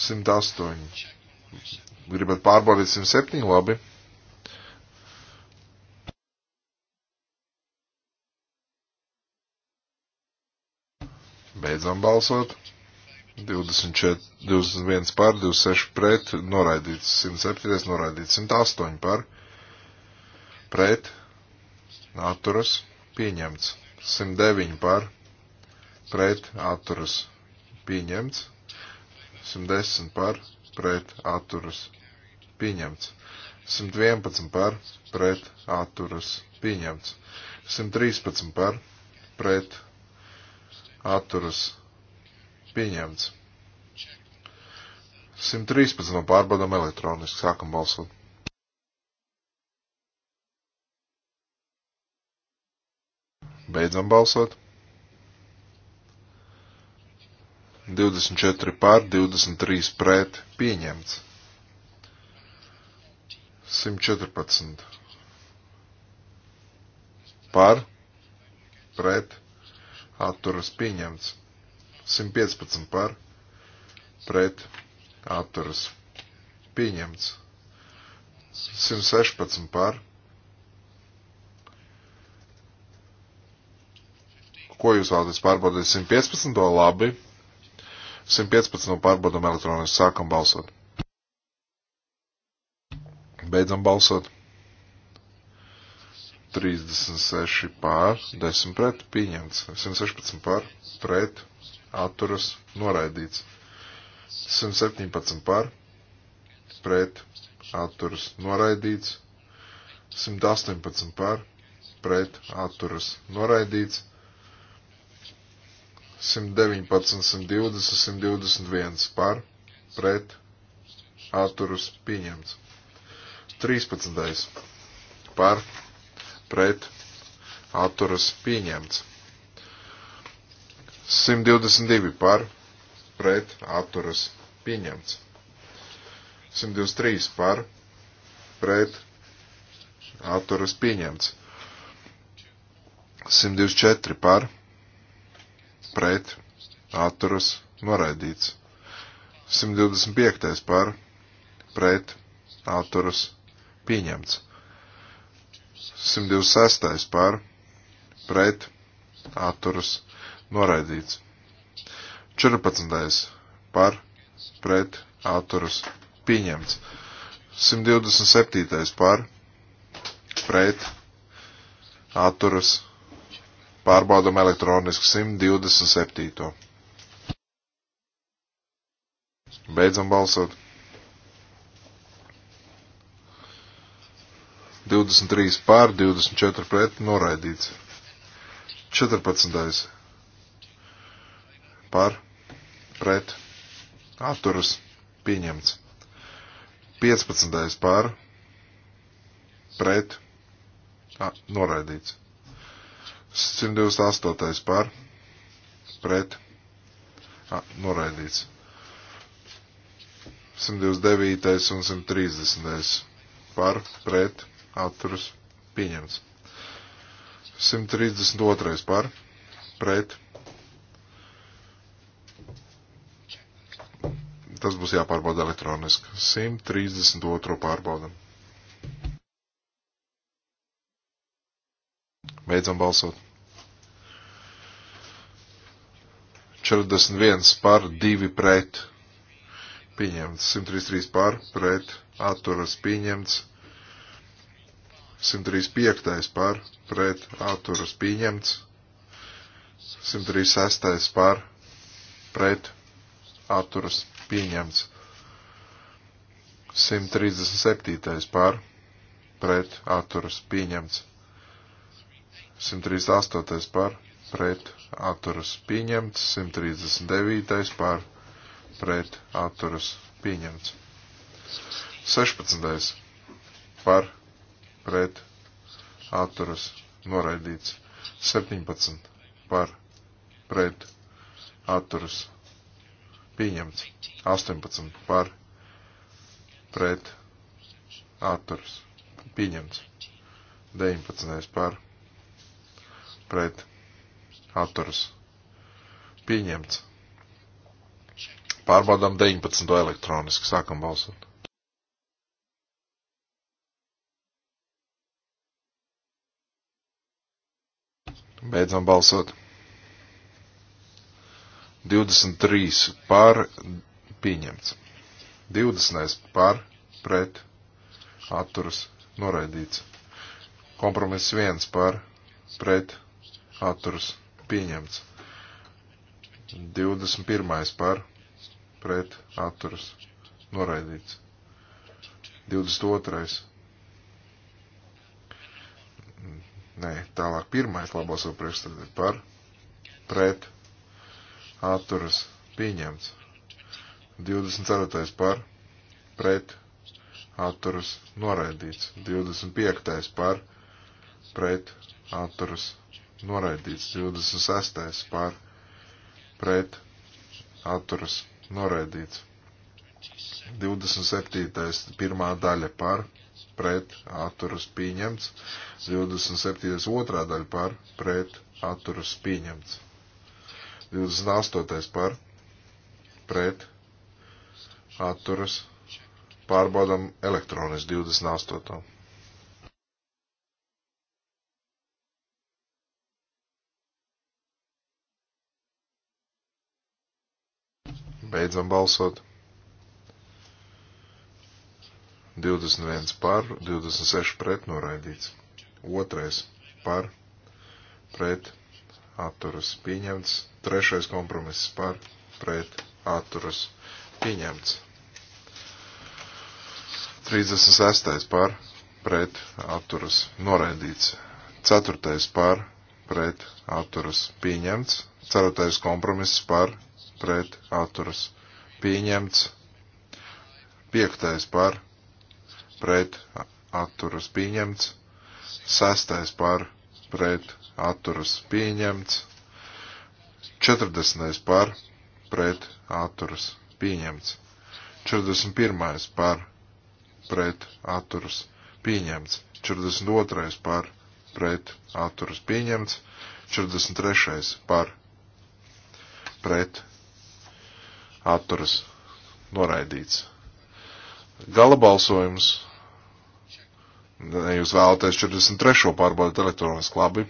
108. Gribat pārbaudīt 107? Labi. Beidzam balsot. 24, 21 par, 26 pret, noraidīts 107, noraidīts 108 par, pret, atturas, pieņemts 109 par, pret, atturas, pieņemts. 110 par pret atturas pieņemts. 111 par pret atturas pieņemts. 113 par pret atturas pieņemts. 113 pārbaudām elektroniski sākam balsot. Beidzam balsot. 24 pār, 23 pret, pieņemts. 114 pār, pret, atturas pieņemts. 115 pār, pret, atturas pieņemts. 116 pār. Ko jūs vēlaties pārbaudīt? 115 labi. 115 no pārbaudām elektroniski sākam balsot. Beidzam balsot. 36 pār, 10 pret, pieņemts. 116 pār, pret, atturas, noraidīts. 117 pār, pret, atturas, noraidīts. 118 pār, pret, atturas, noraidīts. 119, 120, 121 par, pret, atturus pieņemts. 13. par, pret, atturus pieņemts. 122 par, pret, atturus pieņemts. 123 par, pret, atturus pieņemts. 124 par, pret, pret, atturas, noraidīts. 125. par, pret, atturas, pieņemts. 126. par, pret, atturas, noraidīts. 14. par, pret, atturas, pieņemts. 127. par, pret, atturas, Pārbaudam elektroniski 127. Beidzam balsot. 23 pār, 24 pret, noraidīts. 14. Par, pret, atturas, pieņemts. 15. pār, pret, a, noraidīts. 128. par pret a, noraidīts. 129. un 130. par pret atturas pieņemts. 132. par pret. Tas būs jāpārbauda elektroniski. 132. pārbaudam. Beidzam balsot. 41 par 2 pret. Pieņemts. 133 par pret. Atturas pieņemts. 135 par pret. Atturas pieņemts. 136 par pret. Atturas pieņemts. 137 par pret. Atturas pieņemts. 138 par pret atturas pieņemts, 139. par pret atturas pieņemts. 16. par pret atturas noraidīts, 17. par pret atturas pieņemts, 18. par pret atturas pieņemts, 19. par pret atturas atturas pieņemts. Pārbaudām 19. elektroniski, sākam balsot. Beidzam balsot. 23 par pieņemts. 20 par pret atturas noraidīts. Kompromiss 1 par pret atturas noraidīts pieņemts. 21. par pret atturas noraidīts. 22. Nē, tālāk pirmais labo savu priekšstādē par pret atturas pieņemts. 24. par pret atturas noraidīts. 25. par pret atturas noraidīts noraidīts. 26. par pret atturas noraidīts. 27. pirmā daļa par pret atturas pieņemts. 27. otrā daļa par pret atturas pieņemts. 28. par pret atturas pārbaudam elektronis 28. Beidzam balsot. 21 par, 26 pret noraidīts. Otrais par, pret, atturas pieņemts. Trešais kompromiss par, pret, atturas pieņemts. 36. par, pret, atturas noraidīts. 4. par, pret, atturas pieņemts. 4. kompromiss par, pret atturas pieņemts. Piektais par pret atturas pieņemts. Sestais par pret atturas pieņemts. 40. par pret atturas pieņemts. 41. par pret atturas pieņemts. 42. par pret atturas pieņemts. 43. par pret atturas noraidīts. Gala balsojums. Ja jūs vēlaties 43. pārbaudīt elektroniski labi.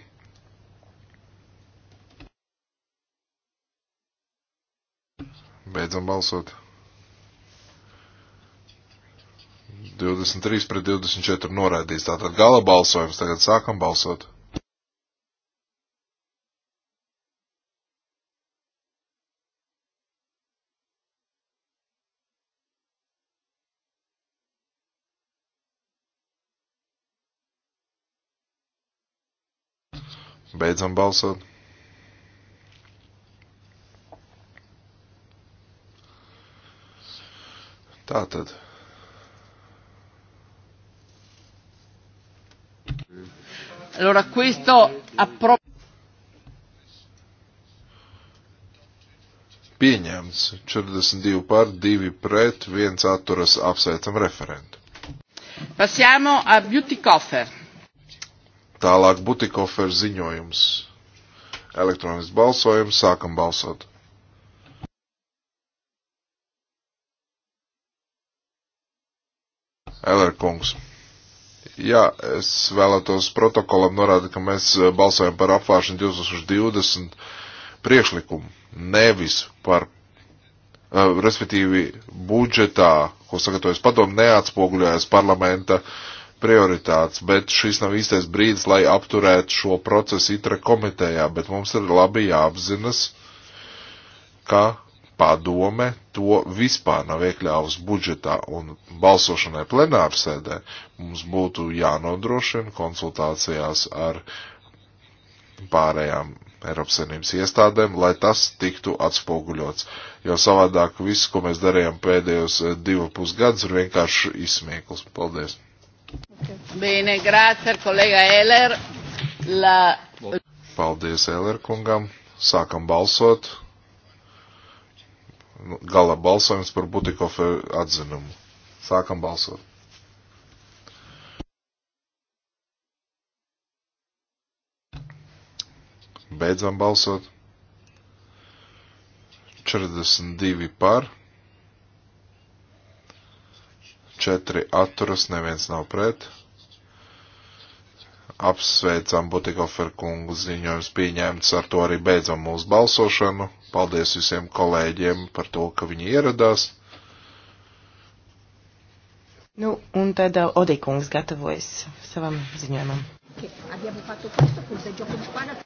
Beidzam balsot. 23 pret 24 noraidīts. Tātad gala balsojums. Tagad sākam balsot. Beidzam balsot. Tātad. Allora questo appro- Pieņemts 42 par 2 pret 1 atturas apsveicam referentu. Passiamo a Beauty Coffer. Tālāk Butikofer ziņojums. Elektronisks balsojums. Sākam balsot. Elerkungs. Jā, es vēlētos protokolam norādīt, ka mēs eh, balsojam par apvāršanu 2020 priekšlikumu, nevis par, uh, respektīvi, budžetā, ko sagatavojas padomu, neatspoguļojas parlamenta uh, prioritātes, bet šis nav īstais brīdis, lai apturētu šo procesu itra komitejā, bet mums ir labi jāapzinas, ka padome to vispār nav iekļāvusi budžetā un balsošanai plenārsēdē mums būtu jānodrošina konsultācijās ar pārējām Eiropas Savienības iestādēm, lai tas tiktu atspoguļots. Jo savādāk viss, ko mēs darījām pēdējos divu pusgadus, ir vienkārši izsmieklis. Paldies! Bīne, grācer, kolēga Eller. La... Paldies, Eller kungam. Sākam balsot. Nu, gala balsojums par Butikofa atzinumu. Sākam balsot. Beidzam balsot. 42 par, četri atturas, neviens nav pret. Apsveicam Butikoferu kungu ziņojums pieņemts, ar to arī beidzam mūsu balsošanu. Paldies visiem kolēģiem par to, ka viņi ieradās. Nu, un tad uh, Odikungs gatavojas savam ziņojumam. Abbiamo fatto questo con Sergio Cusquana.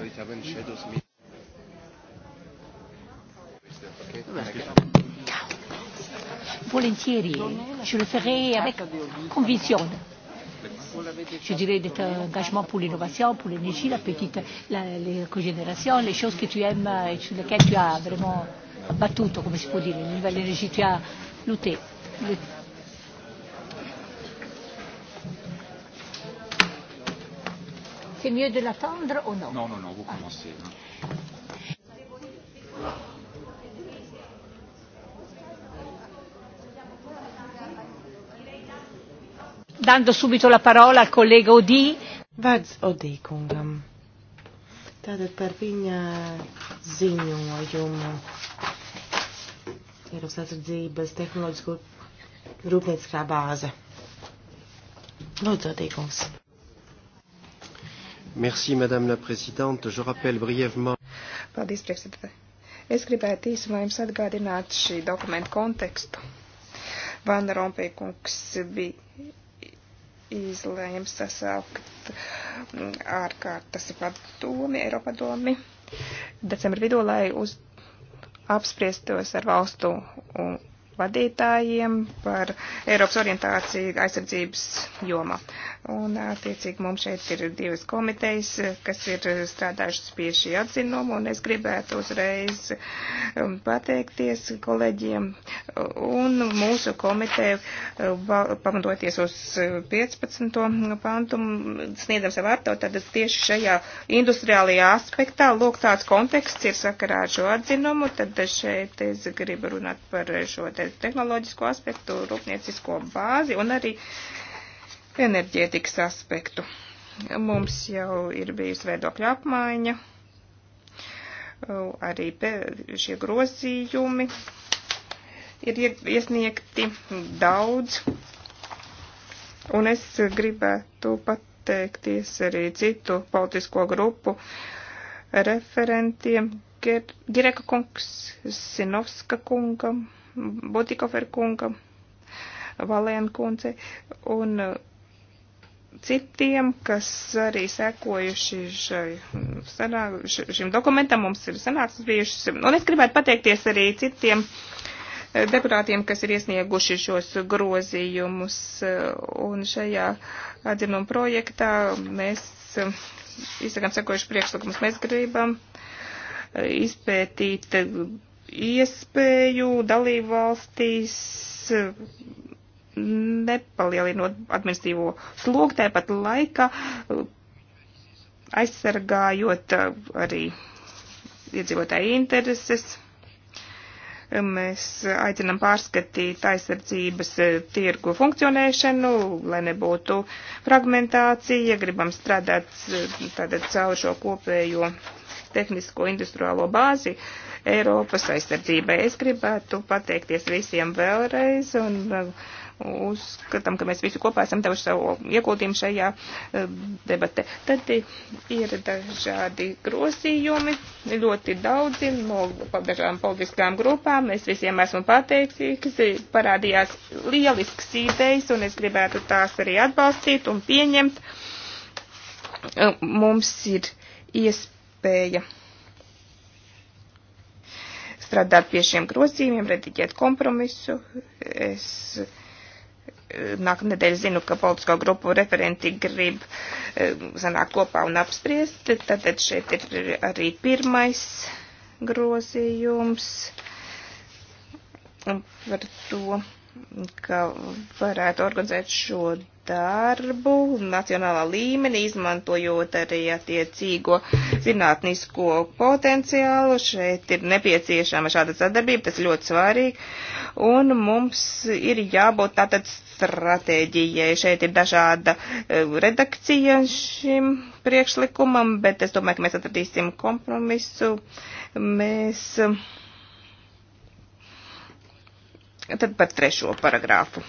we haven't shadows meet. Volentieri, je le ferai avec conviction. Je dirais d'être engagement pour l'innovation, pour l'énergie, la petite, la, les cogénérations, les choses que tu aimes et sur lesquelles tu as vraiment battuto, come si può dire, l'energia tu ha lutté. lutté c'est mieux de l'attendre ou non Non, non, non, vous commencez. Hein. Dando subito la parola al collega Odi. Vārds Odi kungam. Tātad par viņa ziņojumu. Eiropas atsardzības tehnoloģisko rūpnieciskā bāze. Lūdzu, Odi kungs. Merci, Madame la Présidente. Je rappelle brièvement. Paldies, priekšsēdētāji. Es gribētu īsumā jums atgādināt šī dokumenta kontekstu. Vanda Rompēkungs bija izlēms sasaukt ārkārtas padomi, Eiropadomi, decembra vidū, lai uz apspriestos ar valstu un vadītājiem par Eiropas orientāciju aizsardzības jomā. Un, attiecīgi, mums šeit ir divas komitejas, kas ir strādājušas pie šī atzinuma, un es gribētu uzreiz um, pateikties kolēģiem. Un mūsu komiteja, um, pamatoties uz 15. pantu, sniedzam sev vārto, tad tieši šajā industriālajā aspektā, lūk, tāds konteksts ir sakarā ar šo atzinumu, tad šeit es gribu runāt par šo te tehnoloģisko aspektu, rūpniecisko bāzi un arī enerģētikas aspektu. Mums jau ir bijusi viedokļa apmaiņa, arī šie grozījumi ir iesniegti daudz, un es gribētu pateikties arī citu politisko grupu referentiem, Gireka kungs, Sinovska kungam Botikofer kungam, Valēna kundze un uh, citiem, kas arī sekojuši šai, sanā, šim dokumentam. Mums ir sanāksmes bijušas. Un es gribētu pateikties arī citiem uh, deputātiem, kas ir iesnieguši šos grozījumus. Uh, un šajā atzinuma projektā mēs izsakām sekojuši priekšlikumus. Mēs gribam izpētīt iespēju dalību valstīs eh, nepalielinot administrīvo slogu, tāpat laikā eh, aizsargājot eh, arī iedzīvotāju intereses. Mēs aicinām pārskatīt aizsardzības tirgu funkcionēšanu, lai nebūtu fragmentācija, gribam strādāt tātad caur šo kopējo tehnisko industriālo bāzi Eiropas aizsardzībai. Es gribētu pateikties visiem vēlreiz un uh, uzskatām, ka mēs visi kopā esam devuši savu ieguldījumu šajā uh, debate. Tad uh, ir dažādi grozījumi, ļoti daudzi no dažām politiskām grupām. Mēs visiem esam pateicīgi, parādījās lielisks idejas, un es gribētu tās arī atbalstīt un pieņemt. Mums ir iespēja iespēja strādāt pie šiem grozījumiem, rediģēt kompromisu. Es eh, nākamnedēļ zinu, ka politisko grupu referenti grib eh, sanākt kopā un apspriest. Tad šeit ir arī pirmais grozījums par to, ka varētu organizēt šo darbu nacionālā līmenī, izmantojot arī attiecīgo zinātnisko potenciālu. Šeit ir nepieciešama šāda sadarbība, tas ļoti svarīgi. Un mums ir jābūt tātad stratēģijai. Šeit ir dažāda e, redakcija šim priekšlikumam, bet es domāju, ka mēs atradīsim kompromisu. Mēs. Uh, Tad par trešo paragrāfu. E,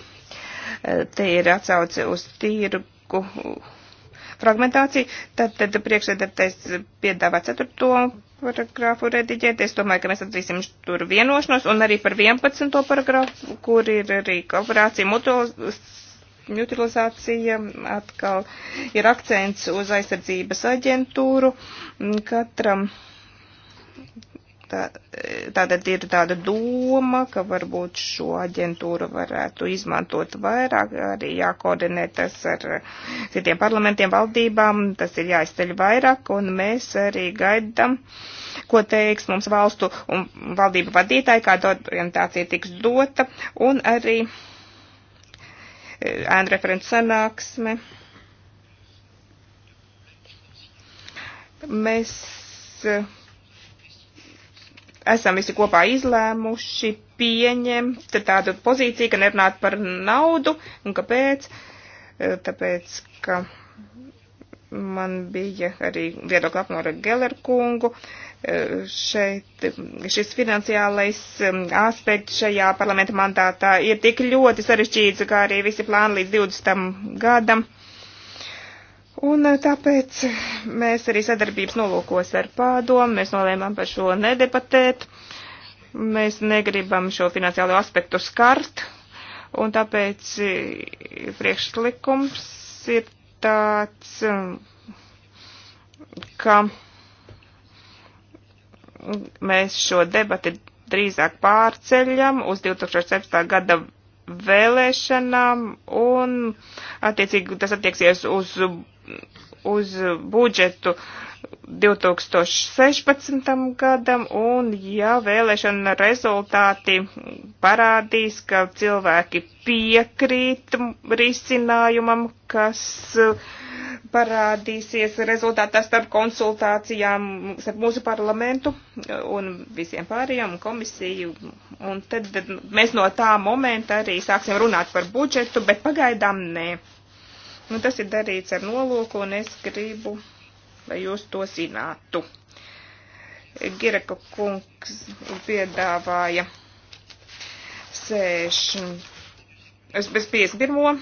te ir atsauce uz tirgu fragmentāciju. Tad, tad priekšsēdētais piedāvā ceturto paragrāfu rediģēt. Es domāju, ka mēs atzīsim tur vienošanos un arī par 11. paragrāfu, kur ir arī kooperācija mutualizācija. Atkal ir akcents uz aizsardzības aģentūru. Katram Tā, tātad ir tāda doma, ka varbūt šo aģentūru varētu izmantot vairāk, arī jākoordinē tas ar citiem parlamentiem, valdībām, tas ir jāizceļ vairāk, un mēs arī gaidam, ko teiks mums valstu un valdību vadītāji, kāda orientācija tiks dota, un arī eh, ēnu referents sanāksme. Mēs uh, esam visi kopā izlēmuši pieņemt tādu pozīciju, ka nerunāt par naudu. Un kāpēc? E, tāpēc, ka man bija arī viedokļa apmora Gellerkungu. E, šeit šis finansiālais aspekts šajā parlamenta mandātā ir tik ļoti sarežģīts, kā arī visi plāni līdz 20. gadam Un eh, tāpēc mēs arī sadarbības nolūkos ar pādomu, mēs nolēmām par šo nedebatēt, mēs negribam šo finansiālo aspektu skart, un tāpēc eh, priekšlikums ir tāds, eh, ka mēs šo debati drīzāk pārceļam uz 2017. gada vēlēšanām, un attiecīgi tas attieksies uz uz budžetu 2016. gadam, un ja vēlēšana rezultāti parādīs, ka cilvēki piekrīt risinājumam, kas eh, parādīsies rezultātā starp konsultācijām starp mūsu parlamentu eh, un visiem pārējiem komisiju. Un tad mēs no tā momenta arī sāksim runāt par budžetu, bet pagaidām nē. Nu, tas ir darīts ar nolūku, un es gribu, lai jūs to zinātu. Gireka kungs piedāvāja sēž bez 51.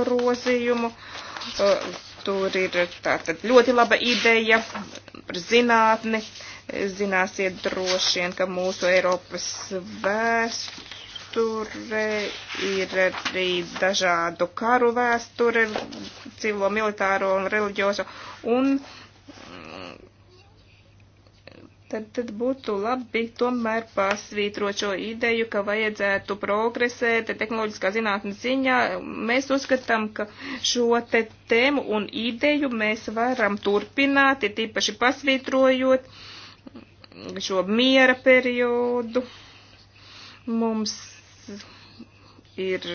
grozījumu. Tur ir tātad ļoti laba ideja par zinātni. Zināsiet droši vien, ka mūsu Eiropas vēsture vēsture, ir arī dažādu karu vēsture, civilo, militāro un reliģiozo. Un mm, tad, tad būtu labi tomēr pasvītrot šo ideju, ka vajadzētu progresēt tehnoloģiskā zinātnes ziņā. Mēs uzskatām, ka šo te tēmu un ideju mēs varam turpināt, ir tīpaši pasvītrojot šo miera periodu. Mums ir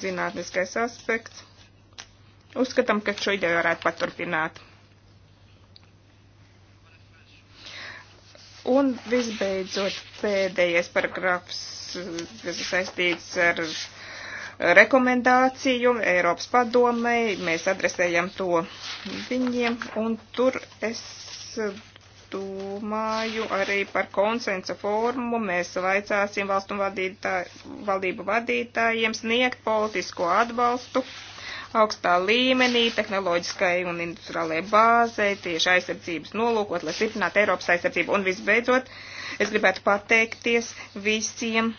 zinātniskais aspekts. Uzskatām, ka šo ideju varētu paturpināt. Un visbeidzot pēdējais paragrafs, kas ir saistīts ar rekomendāciju Eiropas padomei, mēs adresējam to viņiem, un tur es domāju arī par konsensa formu. Mēs vaicāsim valstu vadītā, valdību vadītājiem sniegt politisko atbalstu augstā līmenī, tehnoloģiskai un industriālajai bāzei, tieši aizsardzības nolūkot, lai stiprinātu Eiropas aizsardzību. Un visbeidzot, es gribētu pateikties visiem,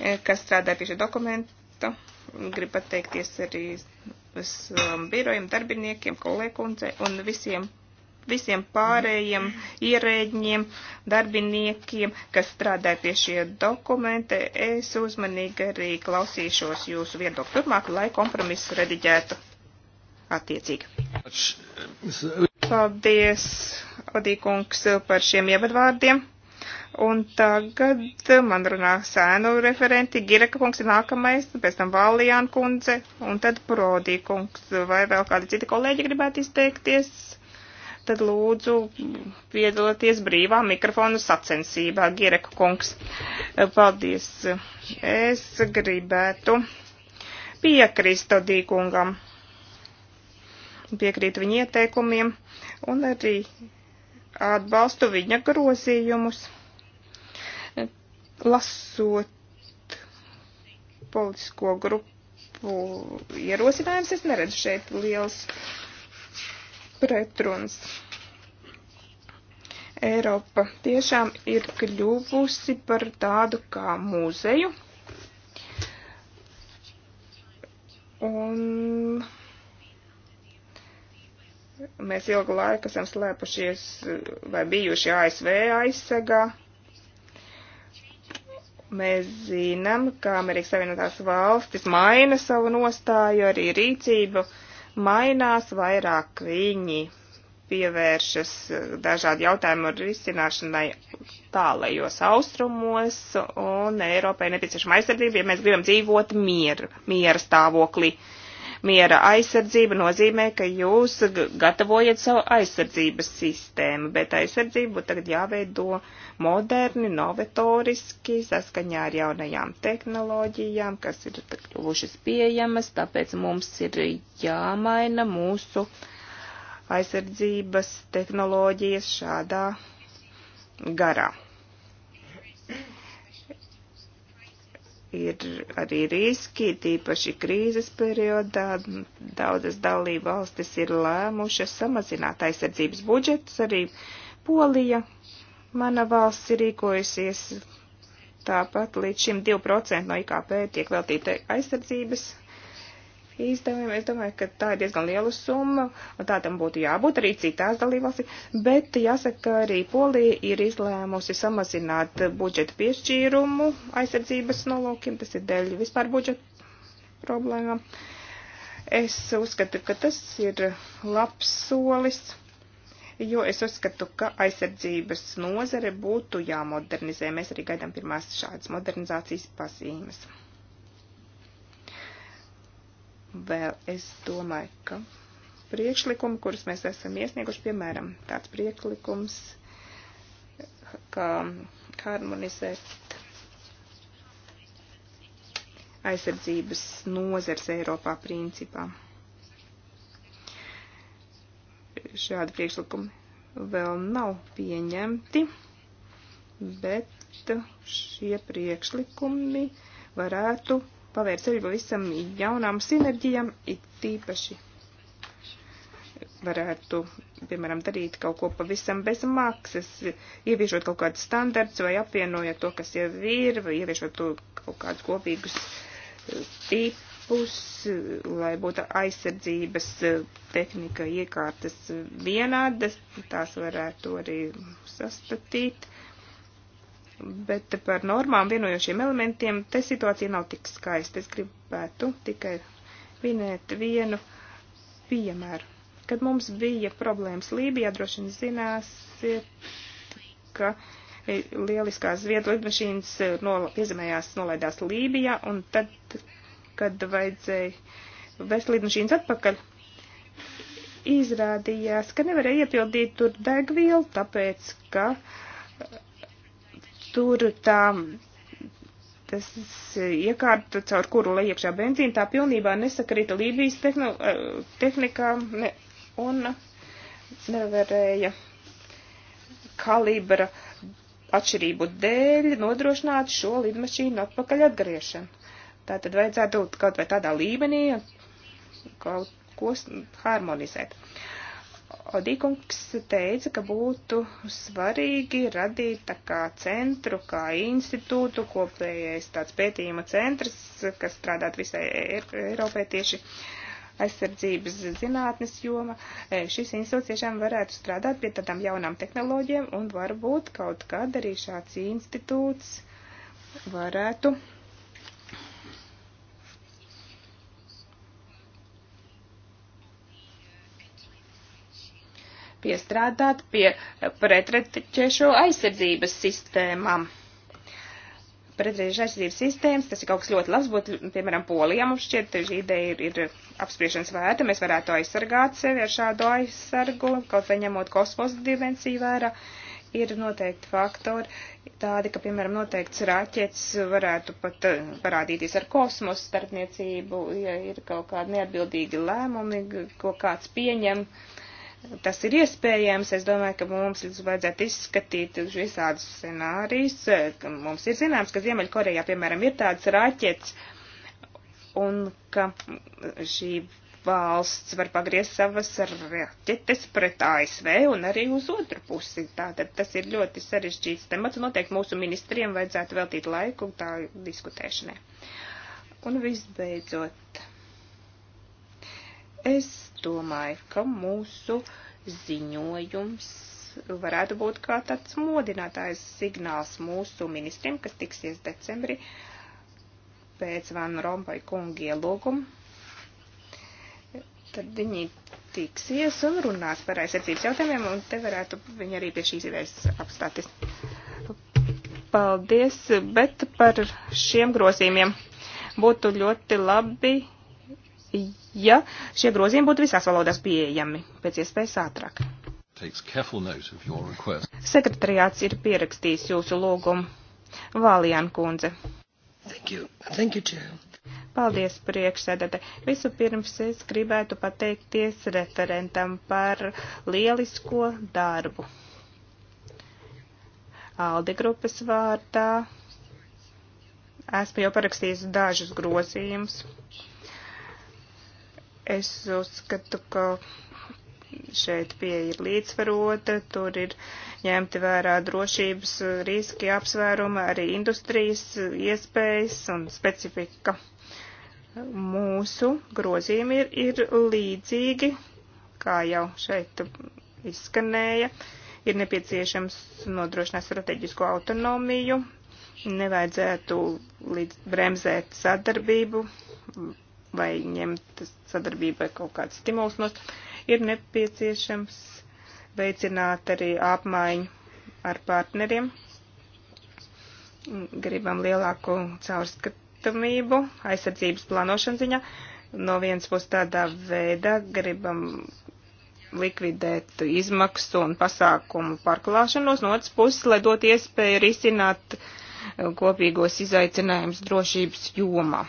eh, kas strādā pie šī dokumenta. Gribu pateikties arī um, birojiem, darbiniekiem, kolēkundzei un visiem visiem pārējiem ierēģiem, darbiniekiem, kas strādā pie šie dokumenti. Es uzmanīgi arī klausīšos jūsu viedokli turpmāk, lai kompromisu rediģētu attiecīgi. Paldies, Odīkungs, par šiem ievadvārdiem. Un tagad man runā sēnu referenti Gireka kungs ir nākamais, pēc tam Valijāna kundze, un tad Prodī kungs. Vai vēl kādi citi kolēģi gribētu izteikties? tad lūdzu piedalieties brīvā mikrofonu sacensībā, Giereka kungs. Paldies. Es gribētu piekrist Odīkungam. Piekrītu viņa ieteikumiem un arī atbalstu viņa grozījumus. Lasot politisko grupu ierosinājumus, es neredzu šeit liels pretruns. Eiropa tiešām ir kļuvusi par tādu kā muzeju. Un mēs ilgu laiku esam slēpušies vai bijuši ASV aizsegā. Mēs zinām, ka Amerikas Savienotās valstis maina savu nostāju, arī rīcību. Uh, mainās, vairāk viņi pievēršas eh, dažādu jautājumu risināšanai tālajos austrumos, un Eiropai nepieciešama aizsardzība, ja mēs gribam dzīvot mieru, miera stāvoklī. Uh, Miera aizsardzība nozīmē, ka jūs gatavojat savu aizsardzības sistēmu, bet aizsardzību tagad jāveido moderni, novatoriski, saskaņā ar jaunajām tehnoloģijām, kas ir kļuvušas pieejamas, tāpēc mums ir jāmaina mūsu aizsardzības tehnoloģijas šādā garā. ir arī riski, tīpaši krīzes periodā. Daudzas dalība valstis ir lēmušas samazināt aizsardzības budžetus, arī Polija, mana valsts, ir rīkojusies tāpat līdz šim 2% no IKP tiek veltīta aizsardzības izdevumiem. Es domāju, ka tā ir diezgan liela summa, un tā tam būtu jābūt arī citās dalībvalstīs. Bet jāsaka, ka arī Polija ir izlēmusi samazināt budžeta piešķīrumu aizsardzības nolūkiem, tas ir dēļ vispār budžeta problēmām. Es uzskatu, ka tas ir labs solis jo es uzskatu, ka aizsardzības nozare būtu jāmodernizē. Mēs arī gaidām pirmās šādas modernizācijas pazīmes vēl es domāju, ka priekšlikumi, kurus mēs esam iesnieguši, piemēram, tāds prieklikums, kā harmonizēt aizsardzības nozars Eiropā principā. Šādi priekšlikumi vēl nav pieņemti, bet šie priekšlikumi varētu pavērt sevi pavisam jaunām sinerģijām, it tīpaši varētu, piemēram, darīt kaut ko pavisam bez maksas, ieviešot kaut kādus standarts vai apvienojot to, kas jau ir, vai ieviešot to kaut kādus kopīgus eh, tipus, lai būtu aizsardzības eh, tehnika iekārtas vienādas, tās varētu arī sastatīt. Bet par normām vienojošiem elementiem te situācija nav tik skaista. Es gribētu tikai minēt vienu piemēru. Kad mums bija problēmas Lībijā, droši vien zināsiet, ka e, lieliskās Zviedru lidmašīnas e, nola, iezemējās nolaidās Lībijā, un tad, kad vajadzēja vest lidmašīnas atpakaļ, izrādījās, ka nevarēja iepildīt tur degvielu, tāpēc, ka tur tā tas iekārta, caur kuru lai iekšā benzīna, tā pilnībā nesakrita Lībijas tehno, eh, tehnikā ne, un nevarēja kalibra atšķirību dēļ nodrošināt šo lidmašīnu atpakaļ atgriešanu. Tā tad vajadzētu kaut vai tādā līmenī kaut ko harmonizēt. Uh, Odīkungs teica, ka būtu svarīgi radīt tā kā centru, kā institūtu, kopējais tāds pētījuma centrs, kas strādāt visai Eiropai tieši aizsardzības zinātnes joma. E, šis institūts tiešām varētu strādāt pie tādām jaunām tehnoloģiem un varbūt kaut kad arī šāds institūts varētu piestrādāt pie pretreķešu aizsardzības sistēmām. Pretreķešu aizsardzības sistēmas, tas ir kaut kas ļoti labs, būtu, piemēram, Polijā mums šķiet, šī ideja ir, ir apspriešanas vērta, mēs varētu aizsargāt sevi ar šādu aizsargu, kaut vai ņemot kosmosa dimensiju vērā ir noteikti faktori, tādi, ka, piemēram, noteikts raķets varētu pat eh, parādīties ar kosmosu starpniecību, ja ir kaut kādi neatbildīgi lēmumi, ko kāds pieņem. Uh, tas ir iespējams. Es domāju, ka mums vajadzētu izskatīt visādus scenārijus. Mums ir zināms, ka Ziemeļkorejā, piemēram, ir tāds raķets, un ka šī valsts var pagriezt savas raķetes pret ASV un arī uz otru pusi. Tātad tas ir ļoti sarežģīts temats, un noteikti mūsu ministriem vajadzētu veltīt laiku tā diskutēšanai. Un visbeidzot Es domāju, ka mūsu ziņojums varētu būt kā tāds modinātājs signāls mūsu ministriem, kas tiksies decembrī pēc Van Rompai kunga ielūguma. Tad viņi tiksies un runās par aizsardzības jautājumiem, un te varētu viņi arī pie šīs idejas apstāties. Paldies, bet par šiem grozījumiem būtu ļoti labi ja šie grozījumi būtu visās valodās pieejami pēc iespējas ātrāk. Sekretariāts ir pierakstījis jūsu lūgumu. Vālijāna kundze. Thank you. Thank you, Chair. Paldies, priekšsēdētāji. Vispirms es gribētu pateikties referentam par lielisko darbu. Aldi grupas vārdā esmu jau parakstījis dažus grozījumus. Es uzskatu, ka šeit pieeja ir līdzsvarota, tur ir ņemti vērā drošības riski, apsvērumi, arī industrijas iespējas un specifika. Mūsu grozījumi ir, ir līdzīgi, kā jau šeit izskanēja, ir nepieciešams nodrošināt strateģisko autonomiju, nevajadzētu līdz bremzēt sadarbību vai ņemt sadarbībai kaut kāds stimuls nost, ir nepieciešams veicināt arī apmaiņu ar partneriem. Gribam lielāku caurskatamību aizsardzības plānošanas ziņā. No vienas puses tādā veidā gribam likvidēt izmaksu un pasākumu pārklāšanos, no otras puses, lai dot iespēju risināt kopīgos izaicinājumus drošības jomā.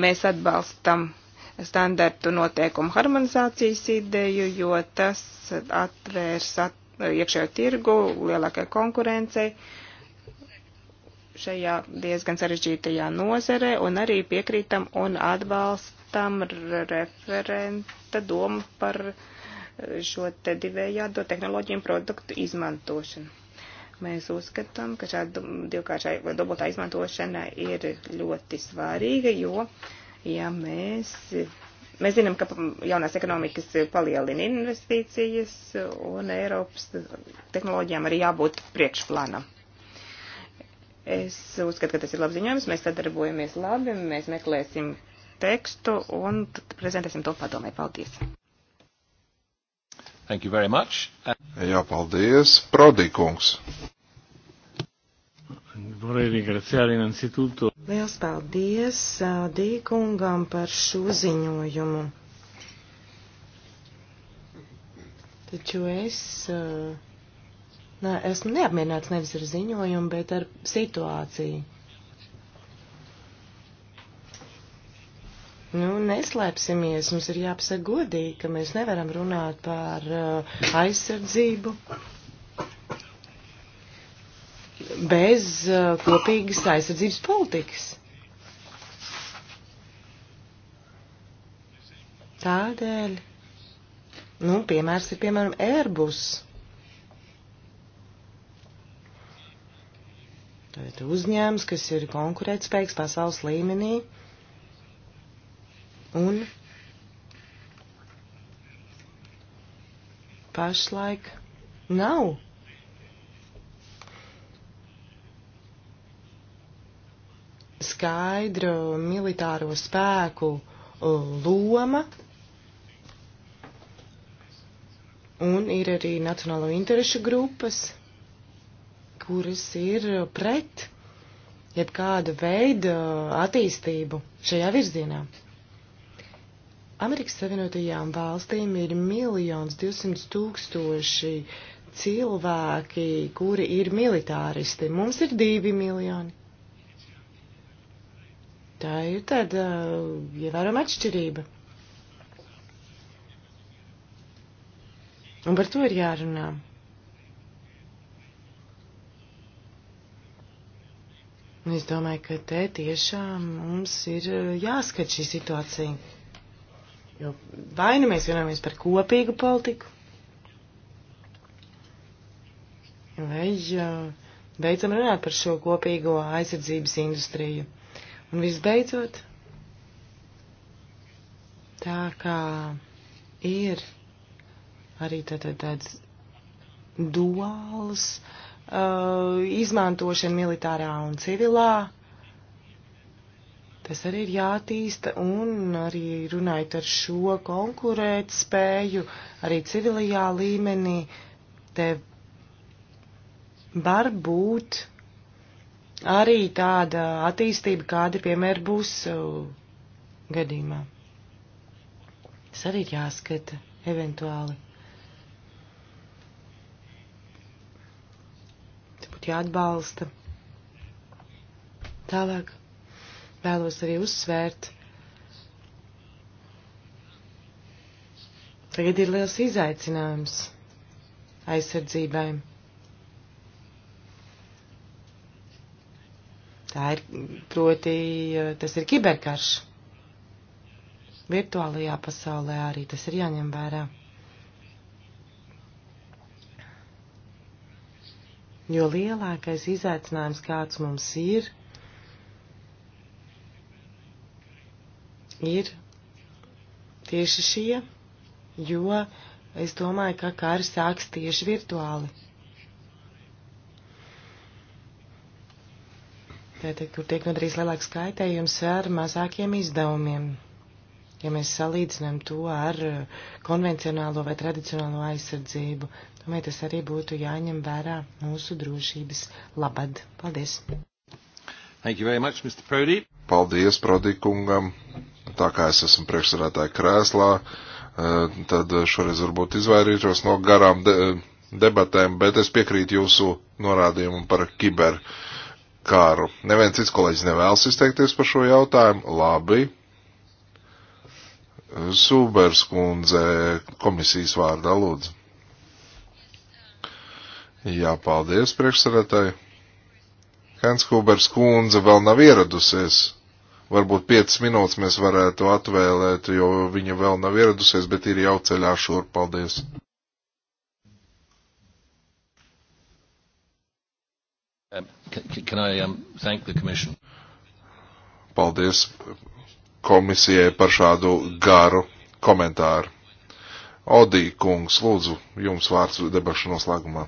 Mēs atbalstam standartu noteikumu harmonizācijas ideju, jo tas atvērs at, iekšējo tirgu lielākai konkurencei šajā diezgan sarežģītajā nozerē un arī piekrītam un atbalstam referenta domu par šo te divējādo tehnoloģiju un produktu izmantošanu. Mēs uzskatām, ka šāda divkāršā vai dubultā izmantošana ir ļoti svarīga, jo, ja mēs, mēs zinām, ka jaunās ekonomikas palielina investīcijas un Eiropas tehnoloģijām arī jābūt priekšplānam. Es uzskatu, ka tas ir labs ziņojums, mēs sadarbojamies labi, mēs meklēsim tekstu un prezentēsim to padomē. Paldies! Thank you very much. Uh, Jā, paldies. Prodīkungs. Liels paldies uh, Dīkungam par šo ziņojumu. Taču es uh, ne, esmu neapmierināts nevis ar ziņojumu, bet ar situāciju. Nu, neslēpsimies, mums ir jāpasaka godīgi, ka mēs nevaram runāt par uh, aizsardzību bez uh, kopīgas aizsardzības politikas. Tādēļ, nu, piemērs ir piemēram Airbus. Tātad uzņēmums, kas ir konkurētspējīgs pasaules līmenī. Un pašlaik nav. Skaidru militāro spēku uh, loma un ir arī nacionālo interešu grupas, kuras ir pret jebkādu veidu uh, attīstību šajā virzienā. Amerikas Savienotajām valstīm ir miljons 200 tūkstoši cilvēki, kuri ir militāristi. Mums ir divi miljoni. Tā ir tāda uh, ievērojama ja atšķirība. Un par to ir jārunā. Un es domāju, ka te tiešām mums ir uh, jāskat šī situācija. Jo vai nu mēs vienojamies par kopīgu politiku, vai beidzam runāt par šo kopīgo aizsardzības industriju. Un visbeidzot, tā kā ir arī tātad tāds duāls uh, izmantošana militārā un civilā Tas arī ir jātīsta un arī runājot ar šo konkurēt spēju, arī civilajā līmenī, te var būt arī tāda attīstība, kāda, piemēram, būs uh, gadījumā. Tas arī ir jāskata eventuāli. Te būtu jāatbalsta. Tālāk vēlos arī uzsvērt. Tagad ir liels izaicinājums aizsardzībai. Tā ir, proti, eh, tas ir kiberkarš. Virtuālajā pasaulē arī tas ir jāņem vērā. Jo lielākais izaicinājums, kāds mums ir, ir tieši šie, jo es domāju, ka kari sāks tieši virtuāli. Tātad, kur tiek nodarīts lielāks kaitējums ar mazākiem izdevumiem, ja mēs salīdzinām to ar konvencionālo vai tradicionālo aizsardzību. Domāju, tas arī būtu jāņem vērā mūsu drošības labad. Paldies! Thank you very much, Mr. Prodi. Paldies, Prodi kungam tā kā es esmu priekšsarētāja krēslā, eh, tad šoreiz varbūt izvairīšos no garām de debatēm, bet es piekrītu jūsu norādījumam par kiberkāru. Neviens cits kolēģis nevēlas izteikties par šo jautājumu. Labi. Sūberskundze komisijas vārdā lūdzu. Jā, paldies priekšsarētāji. Henskūbers kundze vēl nav ieradusies varbūt 5 minūtes mēs varētu atvēlēt, jo viņa vēl nav ieradusies, bet ir jau ceļā šur. Paldies! Um, can I um, thank the Commission? Paldies komisijai par šādu garu komentāru. Odī kungs, lūdzu, jums vārds debašu noslēgumā.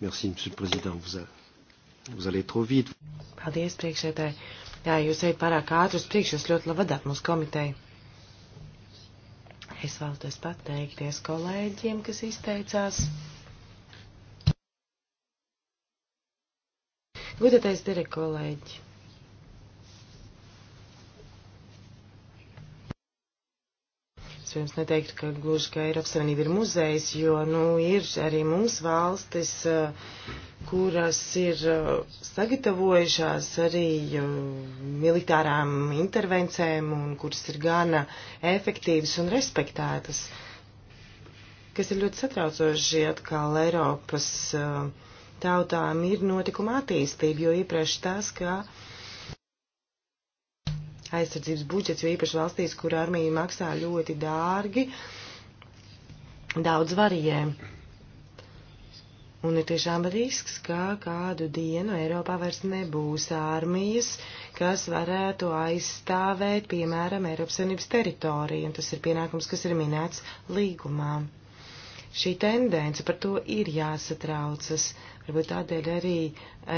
Merci, monsieur le président. Vous, a, vous allez trop vite. Paldies, priekšsēdētāji. Jā, jūs ejat pārāk ātri uz priekšu, jūs ļoti labi vadāt mūsu komiteju. Es vēlos pateikties kolēģiem, kas izteicās. Gudētais direktorēģi. Iespējams, neteiktu, ka gluži, ka Eiropas Savienība ir muzejs, jo, nu, ir arī mums valstis, eh, kuras ir eh, sagatavojušās arī eh, militārām intervencēm un kuras ir gana efektīvas un respektētas kas ir ļoti satraucoši atkal Eiropas tautām, ir notikuma attīstība, jo iepriekš tas, ka aizsardzības budžets, jo īpaši valstīs, kur armija maksā ļoti dārgi, daudz varijē. Un ir tiešām risks, ka kādu dienu Eiropā vairs nebūs armijas, kas varētu aizstāvēt, piemēram, Eiropas Savienības teritoriju. Un tas ir pienākums, kas ir minēts līgumā šī tendence, par to ir jāsatraucas. Varbūt tādēļ arī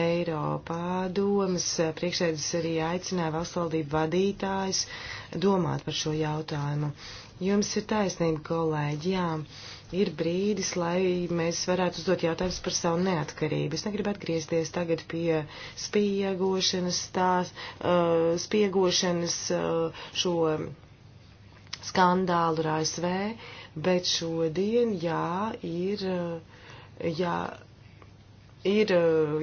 Eiropā domas eh, priekšsēdus arī aicināja valstsvaldību vadītājs domāt par šo jautājumu. Jums ir taisnība, kolēģi, jā, ir brīdis, lai mēs varētu uzdot jautājumus par savu neatkarību. Es negribu atgriezties tagad pie spiegošanas, tās, uh, spiegošanas uh, šo skandālu ar ASV. Uh, bet šodien, jā, ir, jā, ir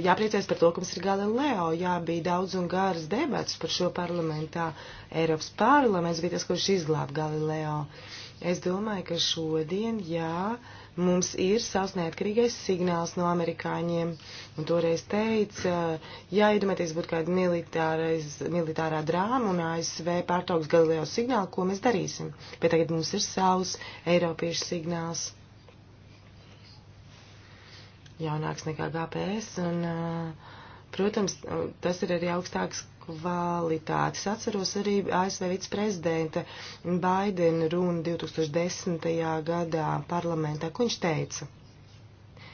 jāpriecājas par to, ka mums ir Galileo, jā, bija daudz un gāras debats par šo parlamentā. Eiropas parlaments bija tas, kurš izglāba Galileo. Es domāju, ka šodien, jā, uh, mums ir savs neatkarīgais signāls no amerikāņiem. Un toreiz teica, ja iedomāties būtu kāda militārā drāma un ASV pārtrauks galileo signālu, ko mēs darīsim. Bet tagad mums ir savs eiropiešu signāls. Jaunāks nekā GPS un, protams, tas ir arī augstāks kvalitātes. Atceros arī ASV viceprezidenta Baidena runu 2010. gadā parlamentā, ko viņš teica.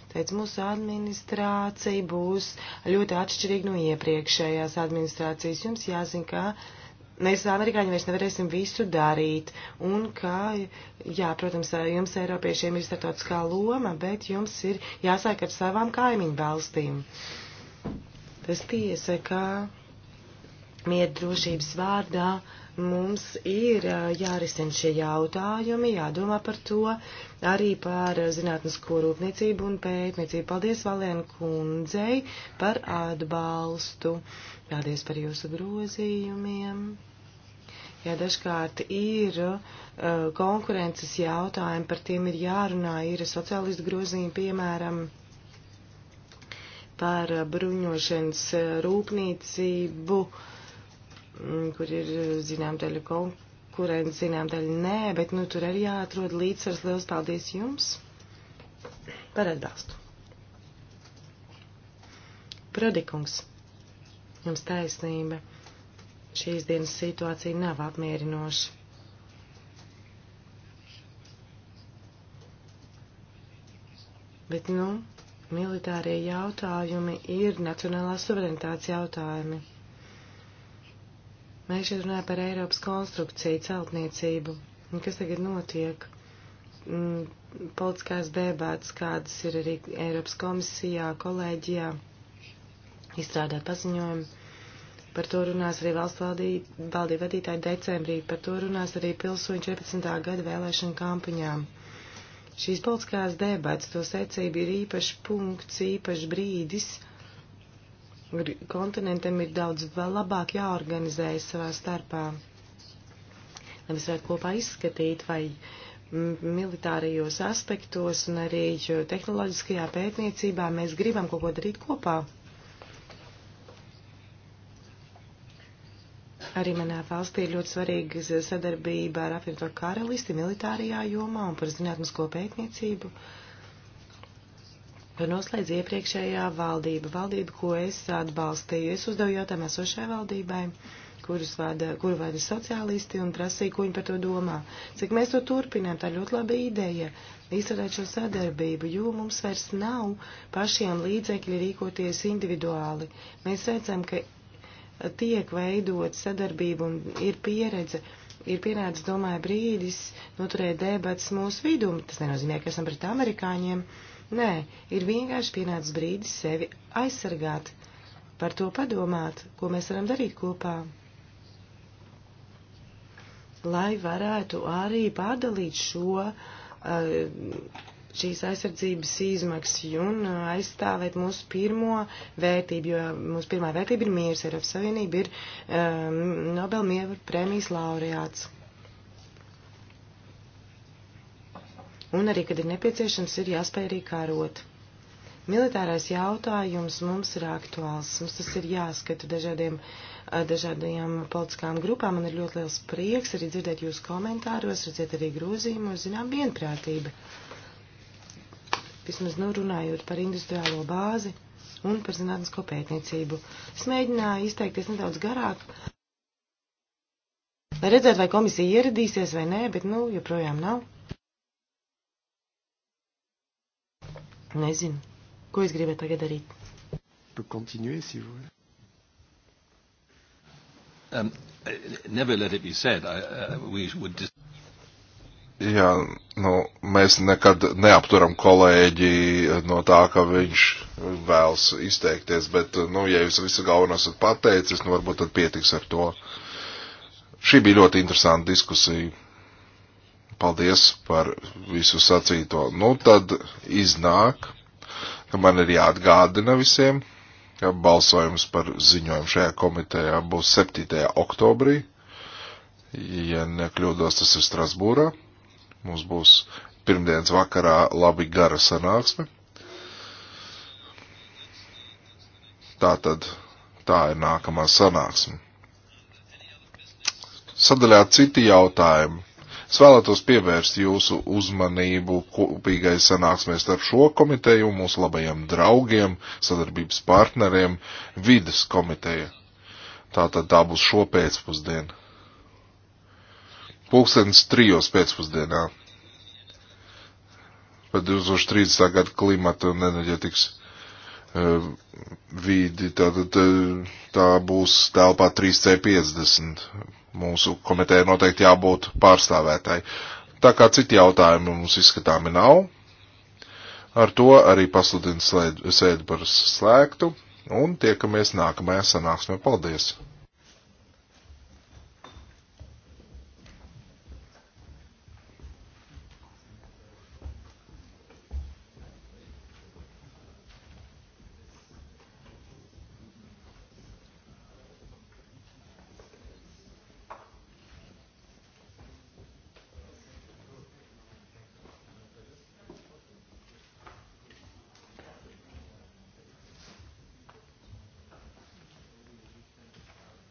Teica, mūsu administrācija būs ļoti atšķirīga no iepriekšējās administrācijas. Jums jāzina, ka mēs amerikāņi vairs nevarēsim visu darīt. Un ka, jā, protams, jums eiropiešiem ir startautiskā loma, bet jums ir jāsāk ar savām kaimiņu valstīm. Tas tiesa, ka miedrošības vārdā mums ir jārisina šie jautājumi, jādomā par to, arī par zinātnisko rūpniecību un pētniecību. Paldies Valēna kundzei par atbalstu. Paldies par jūsu grozījumiem. Jā, dažkārt ir uh, konkurences jautājumi, par tiem ir jārunā, ir sociālistu grozījumi, piemēram, par bruņošanas rūpniecību. Uh, Mm, kur ir eh, zinām daļa konkurence, zinām daļa nē, bet nu, tur arī jāatrod līdzsvars. Liels paldies jums par atbalstu. Prodikungs, jums taisnība. Šīs dienas situācija nav apmierinoša. Bet, nu, militārie jautājumi ir nacionālās suverenitātes jautājumi. Mēs šeit runājam par Eiropas konstrukciju, celtniecību. Un kas tagad notiek? Mm, politiskās debātas, kādas ir arī Eiropas komisijā, kolēģijā, izstrādāt paziņojumu. Par to runās arī valsts valdība, valdība vadītāji decembrī, par to runās arī pilsoņu 14. gada vēlēšana kampaņām. Šīs politiskās debats, to secība ir īpašs punkts, īpašs brīdis, kontinentiem ir daudz vēl labāk jāorganizējas savā starpā, lai mēs varētu kopā izskatīt vai militārajos aspektos un arī tehnoloģiskajā pētniecībā mēs gribam kaut ko darīt kopā. Arī manā valstī ir ļoti svarīga sadarbība ar apvienoto karalisti militārajā jomā un par zinātnisko pētniecību. Uh, noslēdz iepriekšējā valdība, valdība, ko es atbalstīju. Es uzdevu jautājumu esošai valdībai, kurus vada, kuru vada sociālisti un prasīju, ko viņi par to domā. Cik mēs to turpinām, tā ir ļoti laba ideja izturēt šo sadarbību, jo mums vairs nav pašiem līdzekļi rīkoties individuāli. Mēs redzam, ka tiek veidot sadarbība un ir pieredze ir pienācis, domāju, brīdis noturēt debats mūsu vidū. Tas nenozīmē, ka esam pret amerikāņiem. Uh, Nē, ir vienkārši pienācis brīdis sevi aizsargāt, par to padomāt, ko mēs varam darīt kopā. Lai varētu arī pārdalīt šo uh, šīs aizsardzības izmaksas un aizstāvēt mūsu pirmo vērtību, jo mūsu pirmā vērtība ir mīrs, Eiropas Savienība ir um, Nobel mieru prēmijas laureāts. un arī, kad ir nepieciešams, ir jāspēj arī kārot. Militārais jautājums mums ir aktuāls, mums tas ir jāskata dažādiem, dažādajām politiskām grupām, man ir ļoti liels prieks arī dzirdēt jūs komentāros, redzēt arī grozījumus, zinām, vienprātība. Vismaz nu runājot par industriālo bāzi un par zinātnisko pētniecību. Es mēģināju izteikties nedaudz garāk, lai redzētu, vai komisija ieradīsies vai nē, bet, nu, joprojām nav. Nezinu. Ko es gribēju tagad darīt? Tu continuē, si vous voulez. Um, never let it be said. I, uh, we would just... Jā, nu, mēs nekad neapturam kolēģi no tā, ka viņš vēlas izteikties, bet, nu, ja jūs visu galveno esat pateicis, nu, varbūt tad pietiks ar to. Šī bija ļoti interesanta diskusija. Paldies par visu sacīto. Nu, tad iznāk, ka man ir jāatgādina visiem, ka balsojums par ziņojumu šajā komitejā būs 7. oktobrī. Ja nekļūdos, tas ir Strasbūrā. Mums būs pirmdienas vakarā labi gara sanāksme. Tā tad tā ir nākamā sanāksme. Sadaļā citi jautājumi. Es vēlētos pievērst jūsu uzmanību kopīgai sanāksmēs starp šo komiteju un mūsu labajiem draugiem, sadarbības partneriem, vidas komiteja. Tātad tā būs šo pēcpusdienu. Pūkstens trijos pēcpusdienā. Pēc 2030. gada klimata un enerģetikas e, vidi, tātad tā, e, tā būs telpā 3C50 mūsu komitē noteikti jābūt pārstāvētai. Tā kā citi jautājumi mums izskatāmi nav, ar to arī pasludinu sēdi par slēgtu un tiekamies nākamajā sanāksmē. Paldies!